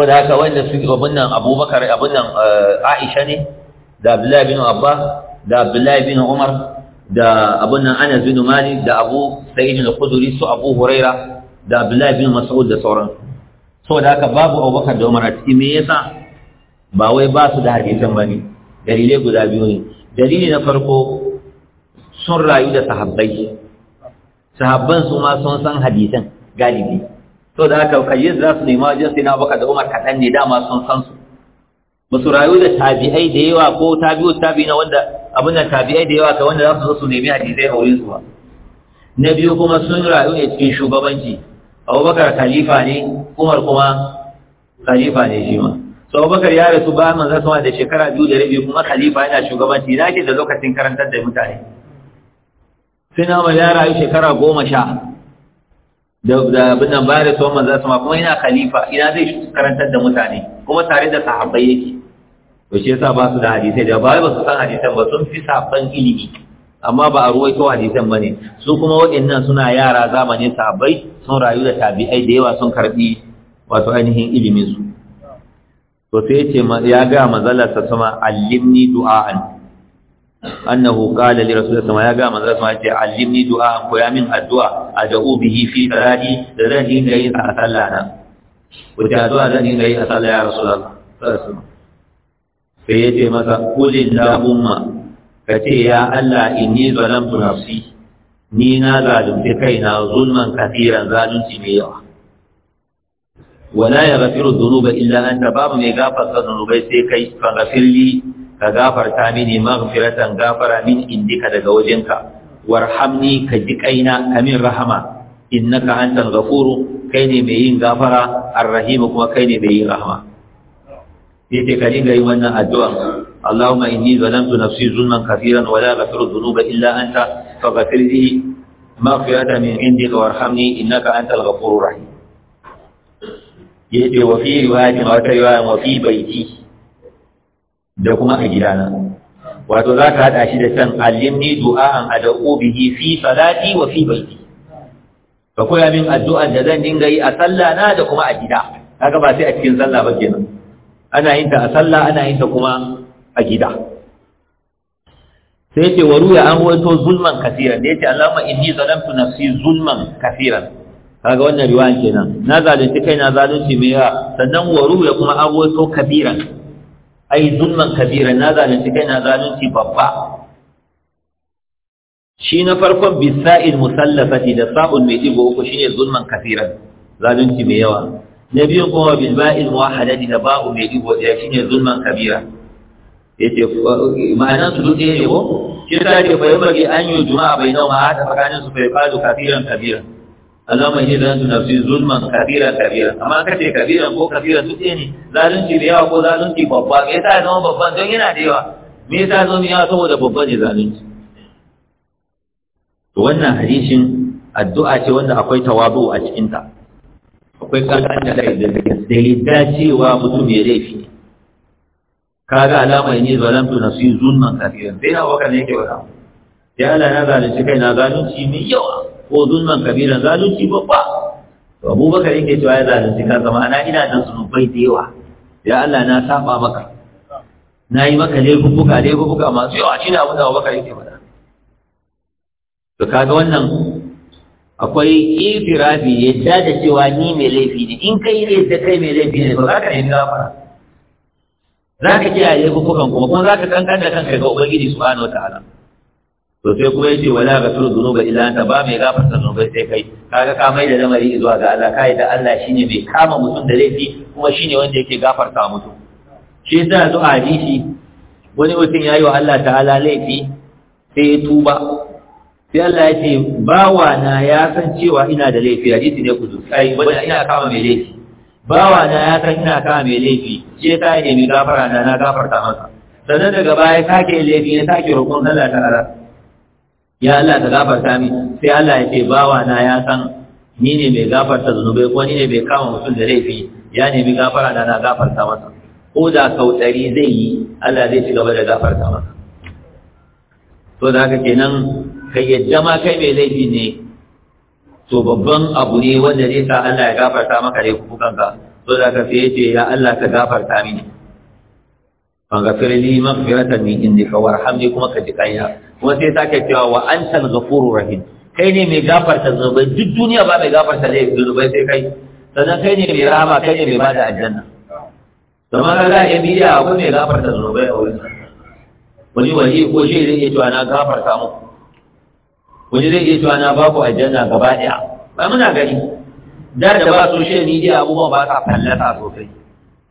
da haka wanda su abin nan abubakar abin nan eh, aisha ne da abdullahi bin abba da abdullahi bin umar da abin nan anas bin malik da abu sa'id al kuduri, su abu huraira da abdullahi bin mas'ud da sauransu saboda haka babu abubakar da umar a ciki me yasa ba wai ba su da hadisan ba ne dalilai guda biyu ne dalili na farko sun rayu da sahabbai sahabban su ma sun san hadisan galibi da haka kai za su nema wajen sai na abubakar da umar kaɗan ne dama sun san su ba su rayu da tabi'ai da yawa ko tabi'u tabi na wanda abin da tabi'ai da yawa ka wanda za su zo su nemi hadisai a wurin su ba na biyu kuma sun rayu ne cikin shugabanci abubakar khalifa ne umar kuma khalifa ne shi ma so abubakar ya rasu ba manzo sama da shekara biyu da rabi kuma khalifa yana shugabanci na ke da lokacin karantar da mutane sai na ya rayu shekara goma sha da abin nan ba da tsohon manzo sama kuma yana khalifa ina zai karantar da mutane kuma tare da sahabbai yake to shi yasa ba su da hadisai da ba su san hadisan ba sun fi sabon ilimi amma ba a ruwaito hadisan ne. su kuma waɗannan suna yara zamanin sahabbai sun rayu da tabi'ai da yawa sun karbi wato ainihin ilimin su to sai ya ce ya ga manzala ta sama allimni du'a'an annahu qala li rasulillah sama ya ga manzala sama ce allimni du'a'an ko ya min addu'a ad'u bihi fi salati da zan dinga yin na ko ta addu'a zan dinga sallah ya rasulullahi sai ya ce masa kulin lahumma ka ce ya Allah inni zalamtu nafsi ni na zalunci kaina zulman kafiran zalunci mai yawa wala ya gafiru zunuba illa anta babu mai gafarta zunubai sai kai fa gafirli ka gafarta mini maghfiratan gafara min indika daga wajenka warhamni ka ji kaina ka min rahama innaka antal ghafuru kai ne mai yin gafara arrahim kuma kai ne mai yin rahama ta ka ga yi wannan addu'a Allahumma inni zalamtu nafsi zulman kafiran wala ghafiru dhunuba illa anta فغفر لي مغفرة من عندك وارحمني إنك أنت الغفور الرحيم yace wa fi riwayatin wata riwayan wa fi baiti da kuma a gidana wato za ka haɗa shi da san allimni du'a'an ad'u bihi fi salati wa fi baiti ka koya min addu'an da zan dinga yi a sallah na da kuma a gida kaga ba sai a cikin sallah ba kenan ana yin ta a sallah ana yin ta kuma a gida sai ce wa ruya an ruwaito zulman kafiran da yace alama inni zalamtu nafsi zulman kafiran kaga wannan riwaya kenan na zalunci kai na zalunci mai yawa sannan wa ruya kuma an ruwaito kabiran ai zulman kabiran na zalunci kai na zalunci babba shi na farkon bisa'il musallafati da sa'un mai digo uku shine zulman kafiran zalunci mai yawa na biyun kuma bilba'il muwahadati da ba'u mai digo ɗaya shine zulman kabiran yace ma'ana su dutse ne ko shi ta ce fa yabagi an yi juma'a bai nau ma hada tsakanin su bai fadu kafiran kabira yi inni zalantu nafsi zulman kabira kabira amma ka ce kabira ko kabira dutse ne zalunci da yawa ko zalunci babba me yasa zama babban don yana da yawa me yasa zo ne yawa saboda babba ne zalunci to wannan hadisin addu'a ce wanda akwai tawabu a cikinta akwai kankan da da dacewa mutum ya laifi kaga alama ne tu nafsi zulman kafiran sai na waka ne yake wata ya Allah na zalunci kai na zalunci mai yawa ko zulman kabiran zalunci babba to abubakar yake cewa ya zalunci zama ma'ana ina da zunubai da yawa ya Allah na saba maka na yi maka laifuffuka laifuffuka masu yawa shi ne abu da abubakar yake faɗa to kaga wannan akwai ifirafi ya da cewa ni mai laifi ne in kai ne da kai mai laifi ne ba za ka yi gafara Zaka ka kiyaye hukukan kuma kuma za ka kankan da kanka ga ubangiji subhanahu wataala to sai kuma yace wala ghafuru dhunuba illa anta ba mai gafarta dhunubai sai kai kaga ka mai da lamari zuwa ga Allah kai da Allah shine mai kama mutum da laifi kuma shine wanda yake gafarta mutum shi yasa zo a hadisi wani mutum yayi wa Allah ta'ala laifi sai ya tuba sai Allah ya ce bawa na ya san cewa ina da laifi hadisi ne kudu sai wanda ina kama mai laifi bawa na ya san ina ka mai laifi shi ta ya nemi gafara na na gafarta masa sannan daga baya sake laifi ya sake roƙon Allah ta ara ya Allah ta gafarta min sai Allah ya ce bawa na ya san ni ne mai gafarta zunubai ko ni ne mai kama mutum da laifi ya nemi gafara na na gafarta masa ko da kau ɗari zai yi Allah zai ci gaba da gafarta masa to da haka kenan kai yadda ma kai mai laifi ne to babban abu ne wanda zai sa Allah ya gafarta maka dai kukanka to da ka sai yace ya Allah ka gafarta mini faghfir li maghfiratan min indika warhamni kuma ka ji kaina kuma sai sake cewa wa antal ghafurur rahim kai ne mai gafarta zunubai duk duniya ba mai gafarta dai zunubai sai kai sannan kai ne mai rahama kai ne mai bada aljanna kamar ka ga ya biya akwai mai gafarta zunubai a wurin wani waje ko shi zai iya cewa na gafarta muku wani zai iya cewa na ba ku aljanna gaba ɗaya ba muna gani da da ba social media abubuwan ba sa fallasa sosai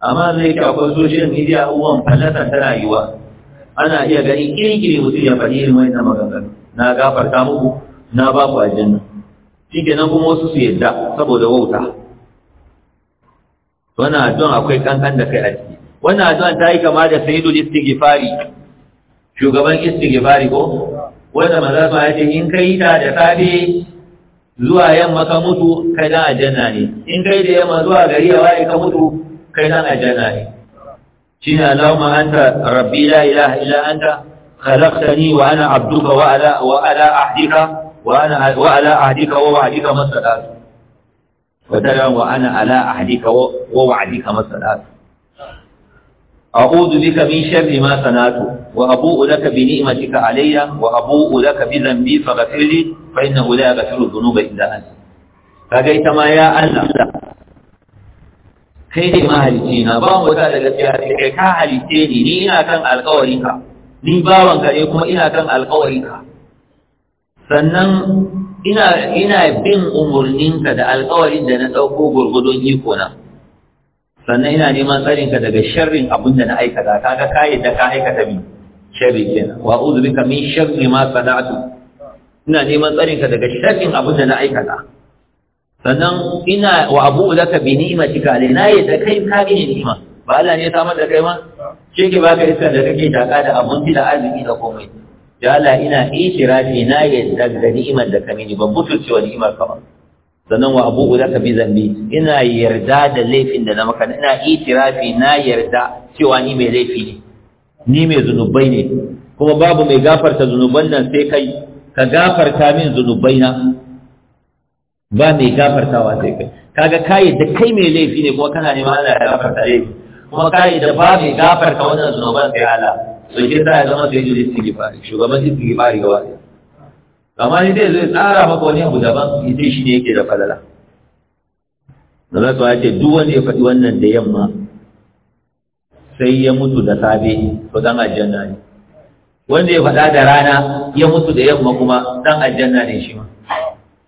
amma zai yake akwai social media abubuwan fallasa ta rayuwa ana iya gani kirkiri mutum ya faɗi irin wannan maganganu na gafarta muku na ba ku aljanna nan kuma wasu su yadda saboda wauta wannan addu'an akwai kankan da kai a ciki wannan addu'an ta yi kama da sayyidul istighfari shugaban istighfari ko wanda maza su ce in kai ta da safe zuwa yamma ka mutu kai dan aljanna ne in kai da yamma zuwa gari ya waye ka mutu kai dan aljanna ne Shi shine an ta rabbi la ilaha illa an ta" khalaqtani wa ana abduka wa ala wa ala ahdika wa ana wa ala ahdika wa wa'dika masalat wa ana ala ahdika wa wa'dika masalat أعوذ بك من شر ما صنعت وأبوء لك بنعمتك علي وأبوء لك بذنبي فغفر لي فإنه لا يغفر الذنوب إلا أنت فقيت ما يا الله kai ne mahalicina ba mu da gaskiya sai kai ka halice ni ni ina kan alƙawarinka ni bawan ka ne kuma ina kan alƙawarinka sannan ina ina bin umurninka da alƙawarin da na ɗauko gurgudun iko na sannan ina neman tsarin ka daga sharrin abin da na aikata ga kai da ka aikata min sharri kenan wa a'udhu bika min sharri ma sana'tu ina neman tsarin ka daga sharrin abin da na aikata sannan ina wa abu laka bi ka alai na yadda kai ka bi ni'ima ba Allah ne ya samar da kai ma shi ke baka iska da kake taka da abinci da arziki da komai ya Allah ina ishirafi na yadda da ni'imar da ka mini ban mutunci wa ni'imar ka ba sannan wa abu za ka bi zambi ina yarda da laifin da na maka ina itirafi na yarda cewa ni mai laifi ne ni mai zunubai ne kuma babu mai gafarta zunuban nan sai kai ka gafarta min zunubai na ba mai gafartawa sai kai kaga kai da kai mai laifi ne kuma kana neman Allah ya gafarta laifi kuma kai da ba mai gafarta wannan zunuban sai Allah sai kin da ya zama sai jiri istighfar shugaban istighfar ga wani amma ni zai zai tsara maka wani abu daban ya ce shi ne yake da falala na za su ce duk wanda ya faɗi wannan da yamma sai ya mutu da safe to dan aljanna ne wanda ya faɗa da rana ya mutu da yamma kuma dan aljanna ne shi ma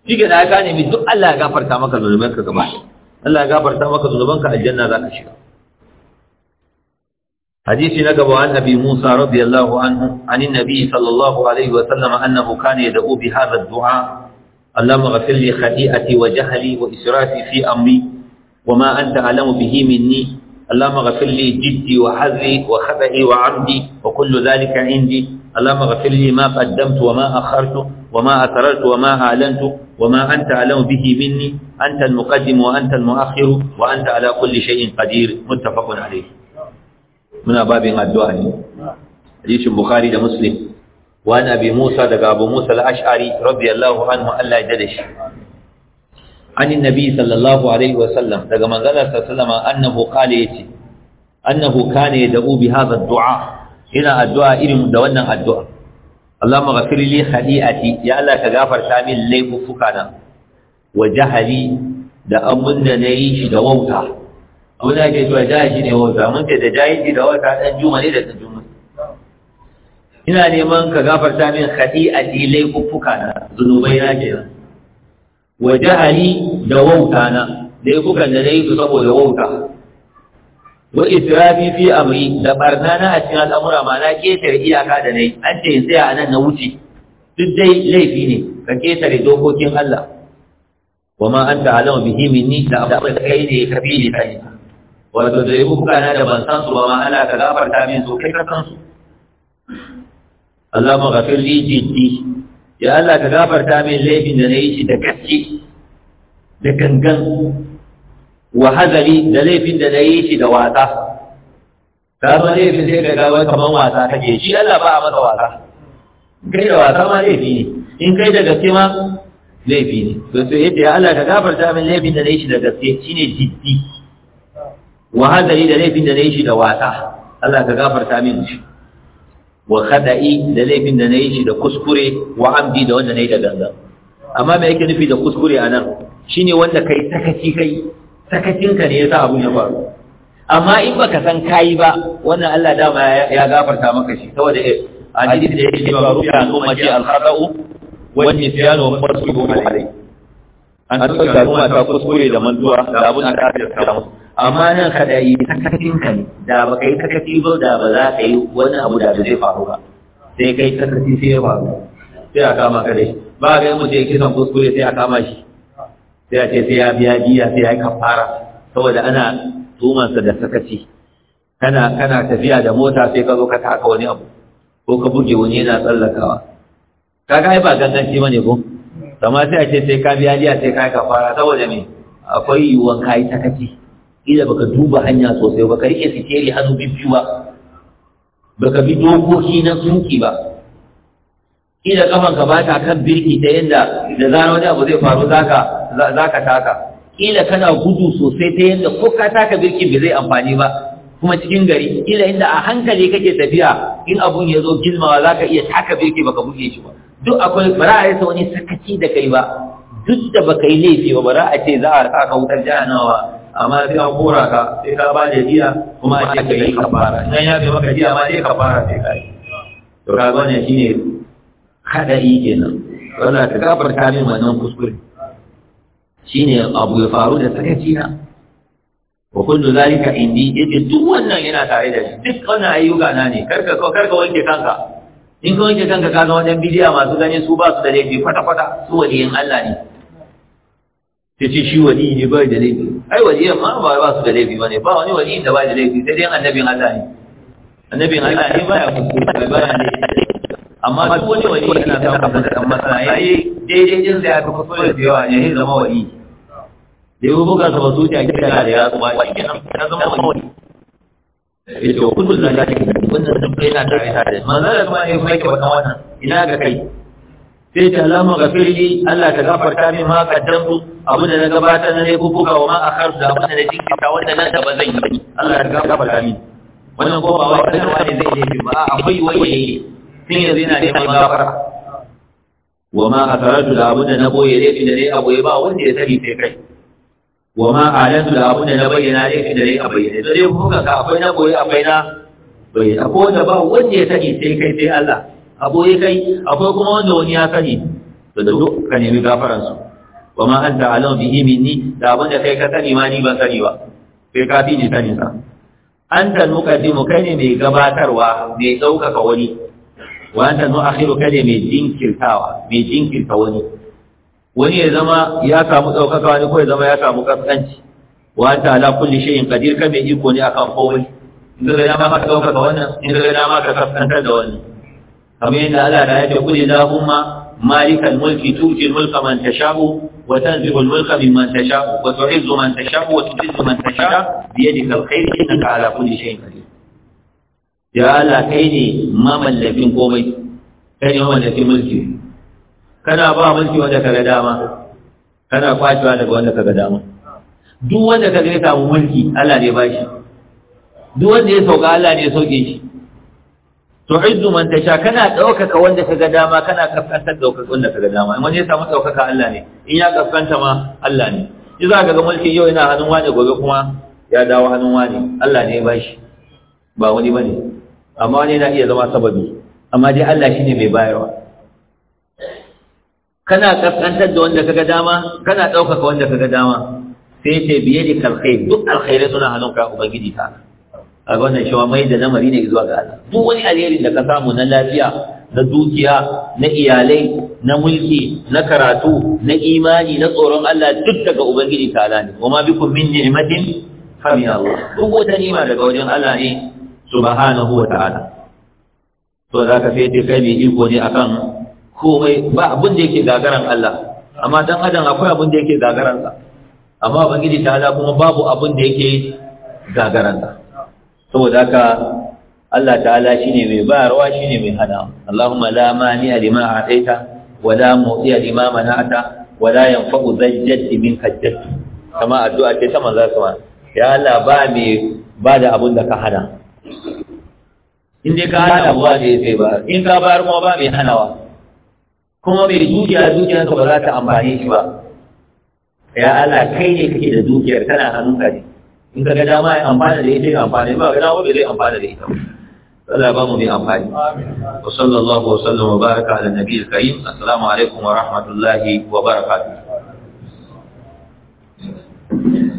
shi ke da ka nemi duk Allah ya gafarta maka zunubanka gaba Allah ya gafarta maka zunubanka aljanna za ka shiga حديث نقب عن أبي موسى رضي الله عنه عن النبي صلى الله عليه وسلم أنه كان يدعو بهذا الدعاء اللهم اغفر لي خطيئتي وجهلي وإسرافي في أمري وما أنت أعلم به مني اللهم اغفر لي جدي وحذري وخبئي وعمدي وكل ذلك عندي اللهم اغفر لي ما قدمت وما أخرت وما أسررت وما أعلنت وما أنت أعلم به مني أنت المقدم وأنت المؤخر وأنت على كل شيء قدير متفق عليه muna babin addu'a ne hadisin bukhari da muslim wa na bi musa daga abu musa al-ash'ari radiyallahu anhu Allah ya dade shi an nabi sallallahu alaihi wa sallam daga manzalar sallama annahu qala yace annahu kana yad'u bi hadha ad-du'a ina addu'a irin da wannan addu'a Allahumma ghafir li khati'ati ya Allah ka gafarta min laifuffuka wa jahali da abun da nayi shi da wauta abin da ake cewa jahi ne wauta mun ce da jahilci da wauta dan juma ne da dan juma ina neman ka gafarta min haɗi a dilai kuffuka na zunubai na kenan wa jahali da wauta na dai kukan da nayi su saboda wauta wa israfi fi amri da barna na a cikin al'amura ma na ketare iyaka da nayi an ce in tsaya nan na wuce duk dai laifi ne ka ketare dokokin Allah wa ma anta alama bihi minni da abu da kai ne ka bi ni ta wato da yi kuka na da ban san su ba ma ana ka gafarta min su kai ka san su Allah gafir li jiddi ya Allah ka gafarta min laifin da na yi shi da gaske da gangan wa hazali da laifin da na yi shi da wasa ta ba laifin sai ka wai kamar wasa kake shi Allah ba a masa wasa kai da wasa ma laifi ne in kai da gaske ma laifi ne to sai yadda ya Allah ka gafarta min laifin da na yi shi da gaske shine jiddi wa hadari da laifin da na yi shi da wasa Allah ka gafarta min shi wa khada'i da laifin da na yi shi da kuskure wa da wanda na yi da ganga amma me yake nufi da kuskure a nan shine wanda kai sakaci kai sakacinka ne yasa abun ya faru amma in baka san kayi ba wannan Allah dama ya gafarta maka shi saboda eh, hadisi da yake cewa ruya an ummati al-khata'u wa nisyan wa masbuhu alayhi an tsaka al'umma kuskure da mantuwa da abun da aka tsara amma nan kada yi sakacin ka ne da ba kai sakaci ba da ba za ka yi wani abu da zai faru ba sai kai sakaci sai ya faru sai a kama ka dai ba ga mu je kisan kuskure sai a kama shi sai a ce sai ya biya jiya sai ya yi kafara saboda ana tumansa da sakaci kana kana tafiya da mota sai ka zo ka taka wani abu ko ka buge wani yana tsallakawa kaga ai ba ganganci bane ko amma sai a ce sai ka biya jiya sai ka yi kafara saboda me akwai yiwuwan ka yi sakaci ila baka duba hanya sosai baka rike sikeli hannu bibbiyu ba baka bi dokoki na sunki ba ila kafan ka bata kan birki ta yanda da zarar wani abu zai faru zaka zaka taka ila kana gudu sosai ta yadda ko ka taka birkin bai zai amfani ba kuma cikin gari ila inda a hankali kake tafiya in abun ya zo gizmawa zaka iya taka birki baka buge shi ba duk akwai ba za a rasa wani sakaci da kai ba duk da baka yi laifi ba ba za a ce za a ka wutar jahanawa amma sai an kora ka sai ka ba da jiya kuma a ce ka yi kafara idan ya fi maka jiya ma sai kafara sai ka yi to ka gane shi ne haɗari kenan wanda ka gafarta min wannan kuskure shi ne abu ya faru da sakaci na wa kullu zalika indi yace duk wannan yana tare da shi duk wannan ayyuka na ne karka ko karka wanke kanka in ka wanke kanka ka ga wajen bidiya masu ganin su ba su da laifi kwata kwata su waliyin Allah ne ta ce shi wali ne bai da laifi ai waliyan ma ba ba su da laifi ba ne, ba wani waliyin da ba da laifi sai dai annabin Allah ne annabin Allah ne ba baya kuskure ya ne amma duk wani wali yana samun da dan masana yayi daidai din da ya fi kuskure da yawa ne zama wani. da yau buga sa bazu ta kira da ya ba shi kenan ya zama kullum na da zalika wannan sun kai na ita da manzara kuma ne kuma yake wannan ina ga kai sai ta lama gafirli Allah ta gafarta min ma kaddamtu abu da na gabatar na ne bubuka wa ma akhartu da abu da na jinkirta wanda nan ta ba zan yi Allah ta gafarta min wannan ko ba wai kana wani zai yi ba akwai waye ne sun yanzu yana neman gafara wa ma akhartu da abu da na boye ne da ne abu ba wanda ya sani sai kai wa ma alantu da abu da na bayyana ne da ne a ne sai dai bubuka ka akwai na boye akwai na bayyana ko da ba wanda ya sani sai kai sai Allah abu ya kai akwai kuma wanda wani ya sani to da duk ka nemi gafaran su wa ma anta alam bihi minni da abin da kai ka sani ma ni ban sani ba sai ka fi ni sani sa anta nuqaddimu kai ne mai gabatarwa mai ɗaukaka wani wa anta nu'akhiru kai ne mai jinkirtawa mai jinkirta wani wani ya zama ya samu ɗaukaka wani ko ya zama ya samu kaskanci wa anta ala kulli shay'in qadir ka mai iko ne akan komai in ga dama ka ɗaukaka wannan in ga dama ka kaskantar da wannan kamar yadda Allah ta yace kulli lahumma malikal mulki tu'ti mulka man tasha'u wa tanzihu mulka mimman tasha'u wa tu'izzu man tasha'u wa tu'izzu man tasha'u bi yadika alkhayr innaka ala kulli shay'in qadir ya Allah kai ne mamallakin komai kai ne mamallakin mulki kana ba mulki wanda kaga dama kana kwacewa daga wanda kaga dama duk wanda kaga ya samu mulki Allah ne ba shi duk wanda ya sauka Allah ne ya sauke shi tu'izzu man tasha kana daukaka wanda kaga dama kana kaskantar daukaka wanda kaga dama in wani ya samu daukaka Allah ne in ya kaskanta ma Allah ne shi za ka ga mulki yau yana hannun wani gobe kuma ya dawo hannun wani Allah ne ya bashi ba wani bane amma wani yana iya zama sababi amma dai Allah shine mai bayarwa kana kaskantar da wanda kaga dama kana daukaka wanda kaga dama sai ce biye da kalkai duk alkhairai suna ka ubangiji ta a wannan shawa mai da namari ne zuwa ga Allah duk wani alherin da ka samu na lafiya na dukiya na iyalai na mulki na karatu na imani na tsoron Allah duk daga ubangiji ta'ala ne Kuma bikum min ni'matin fa min Allah duk wata ni'ima daga wajen Allah ne subhanahu wa ta'ala to za ka fete kai mai iko ne akan komai ba abin da yake gagaran Allah amma dan adam akwai abin da yake gagaran sa amma ubangiji ta'ala kuma babu abin da yake gagaran sa saboda haka Allah ta'ala shine mai bayarwa shine mai hana Allahumma la mani lima a'taita wa la mu'ti lima mana'ata wa la yanfa'u zajjati min hajjat kama addu'a ce ta manzo sama ya Allah ba mai ba da abun da ka hana in dai ka hana ba ba ce sai ba in ka bayar kuma ba mai hanawa kuma mai dukiya dukiyarsa ba za ta amfane shi ba ya Allah kai ne kake da dukiyar kana hannunka ne in ka ga dama ya amfana da ita ya amfana ba ga dama bai zai amfana da ita Allah ba mu mai amfani wa sallallahu wa sallam wa baraka ala nabiyil karim assalamu alaikum wa rahmatullahi wa barakatuh